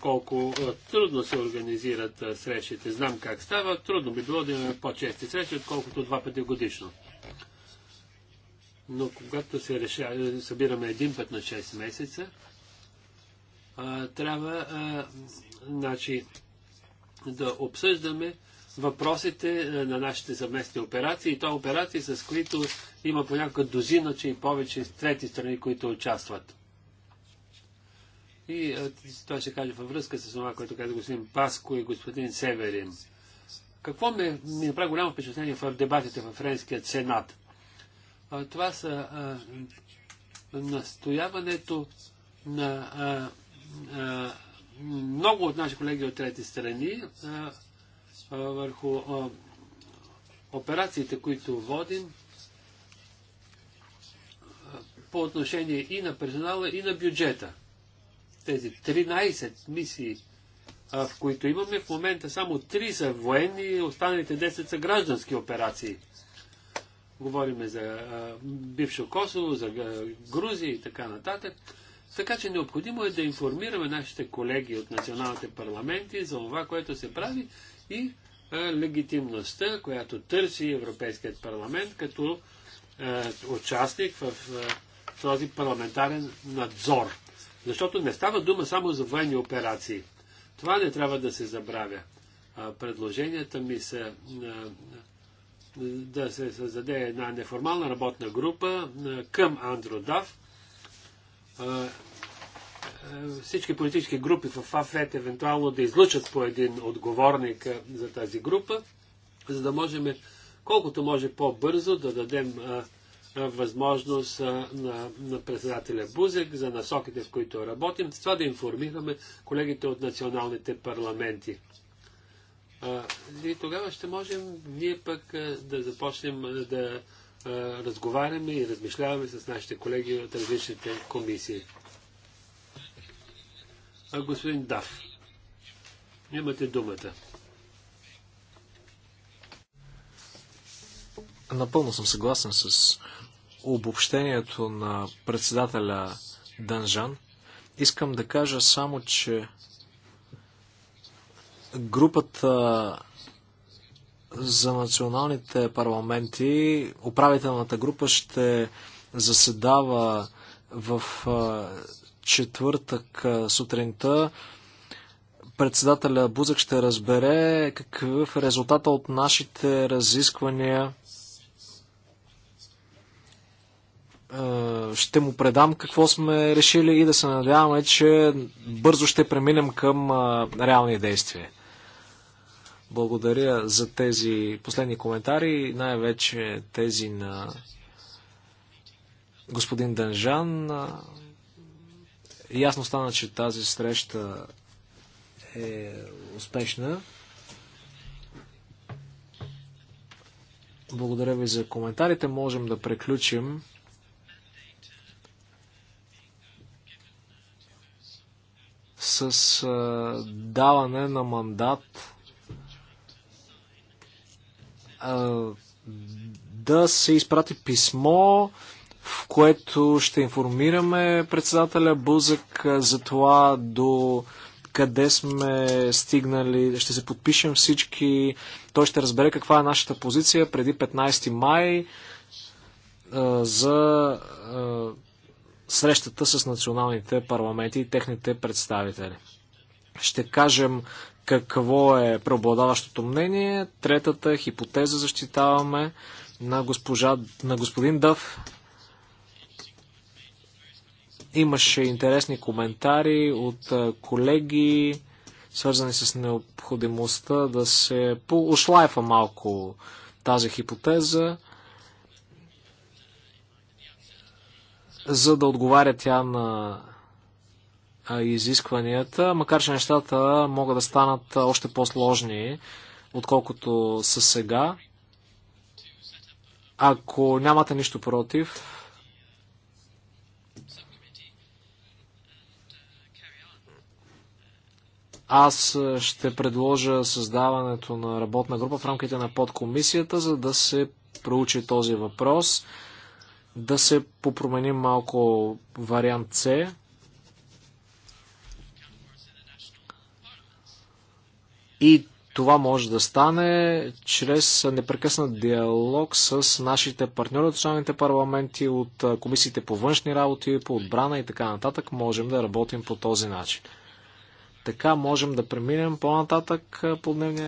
колко трудно се организират срещите. Знам как става. Трудно би било да имаме по-чести срещи, отколкото два пъти годишно. Но когато се реша, събираме един път на 6 месеца, трябва значи, да обсъждаме въпросите на нашите съвместни операции и то операции, с които има понякога дозина, че и повече трети страни, които участват. И това ще каже във връзка с това, което каза господин Паско и господин Северин. Какво ми, ми направи голямо впечатление в дебатите в Френският сенат? А, това са а, настояването на а, а, много от наши колеги от трети страни а, а, върху а, операциите, които водим по отношение и на персонала, и на бюджета тези 13 мисии, в които имаме, в момента само 3 са военни, останалите 10 са граждански операции. Говориме за а, бившо Косово, за а, Грузия и така нататък. Така че необходимо е да информираме нашите колеги от националните парламенти за това, което се прави и а, легитимността, която търси Европейският парламент като а, участник в а, този парламентарен надзор. Защото не става дума само за военни операции. Това не трябва да се забравя. Предложенията ми са да се създаде една неформална работна група към Андродав. Всички политически групи в АФЕТ евентуално да излучат по един отговорник за тази група, за да можем колкото може по-бързо да дадем възможност на, на председателя Бузек за насоките, в които работим, с това да информираме колегите от националните парламенти. И тогава ще можем ние пък да започнем да разговаряме и размишляваме с нашите колеги от различните комисии. А господин Дав, имате думата. Напълно съм съгласен с обобщението на председателя Данжан. Искам да кажа само, че групата за националните парламенти, управителната група ще заседава в четвъртък сутринта. Председателя Бузък ще разбере какъв е резултата от нашите разисквания Е, ще му предам какво сме решили и да се надяваме, че бързо ще преминем към е, реални действия. Благодаря за тези последни коментари, най-вече тези на господин Данжан. Е, ясно стана, че тази среща е успешна. Благодаря ви за коментарите. Можем да преключим. с а, даване на мандат а, да се изпрати писмо, в което ще информираме председателя Бузък за това до къде сме стигнали, ще се подпишем всички, той ще разбере каква е нашата позиция преди 15 май за срещата с националните парламенти и техните представители. Ще кажем какво е преобладаващото мнение. Третата хипотеза защитаваме на, госпожа, на господин Дъв. Имаше интересни коментари от колеги, свързани с необходимостта да се поушлайфа малко тази хипотеза. за да отговаря тя на изискванията, макар че нещата могат да станат още по-сложни, отколкото са сега. Ако нямате нищо против, аз ще предложа създаването на работна група в рамките на подкомисията, за да се проучи този въпрос да се попроменим малко вариант С. И това може да стане чрез непрекъснат диалог с нашите партньори от националните парламенти, от комисиите по външни работи, по отбрана и така нататък. Можем да работим по този начин. Така можем да преминем по-нататък по дневния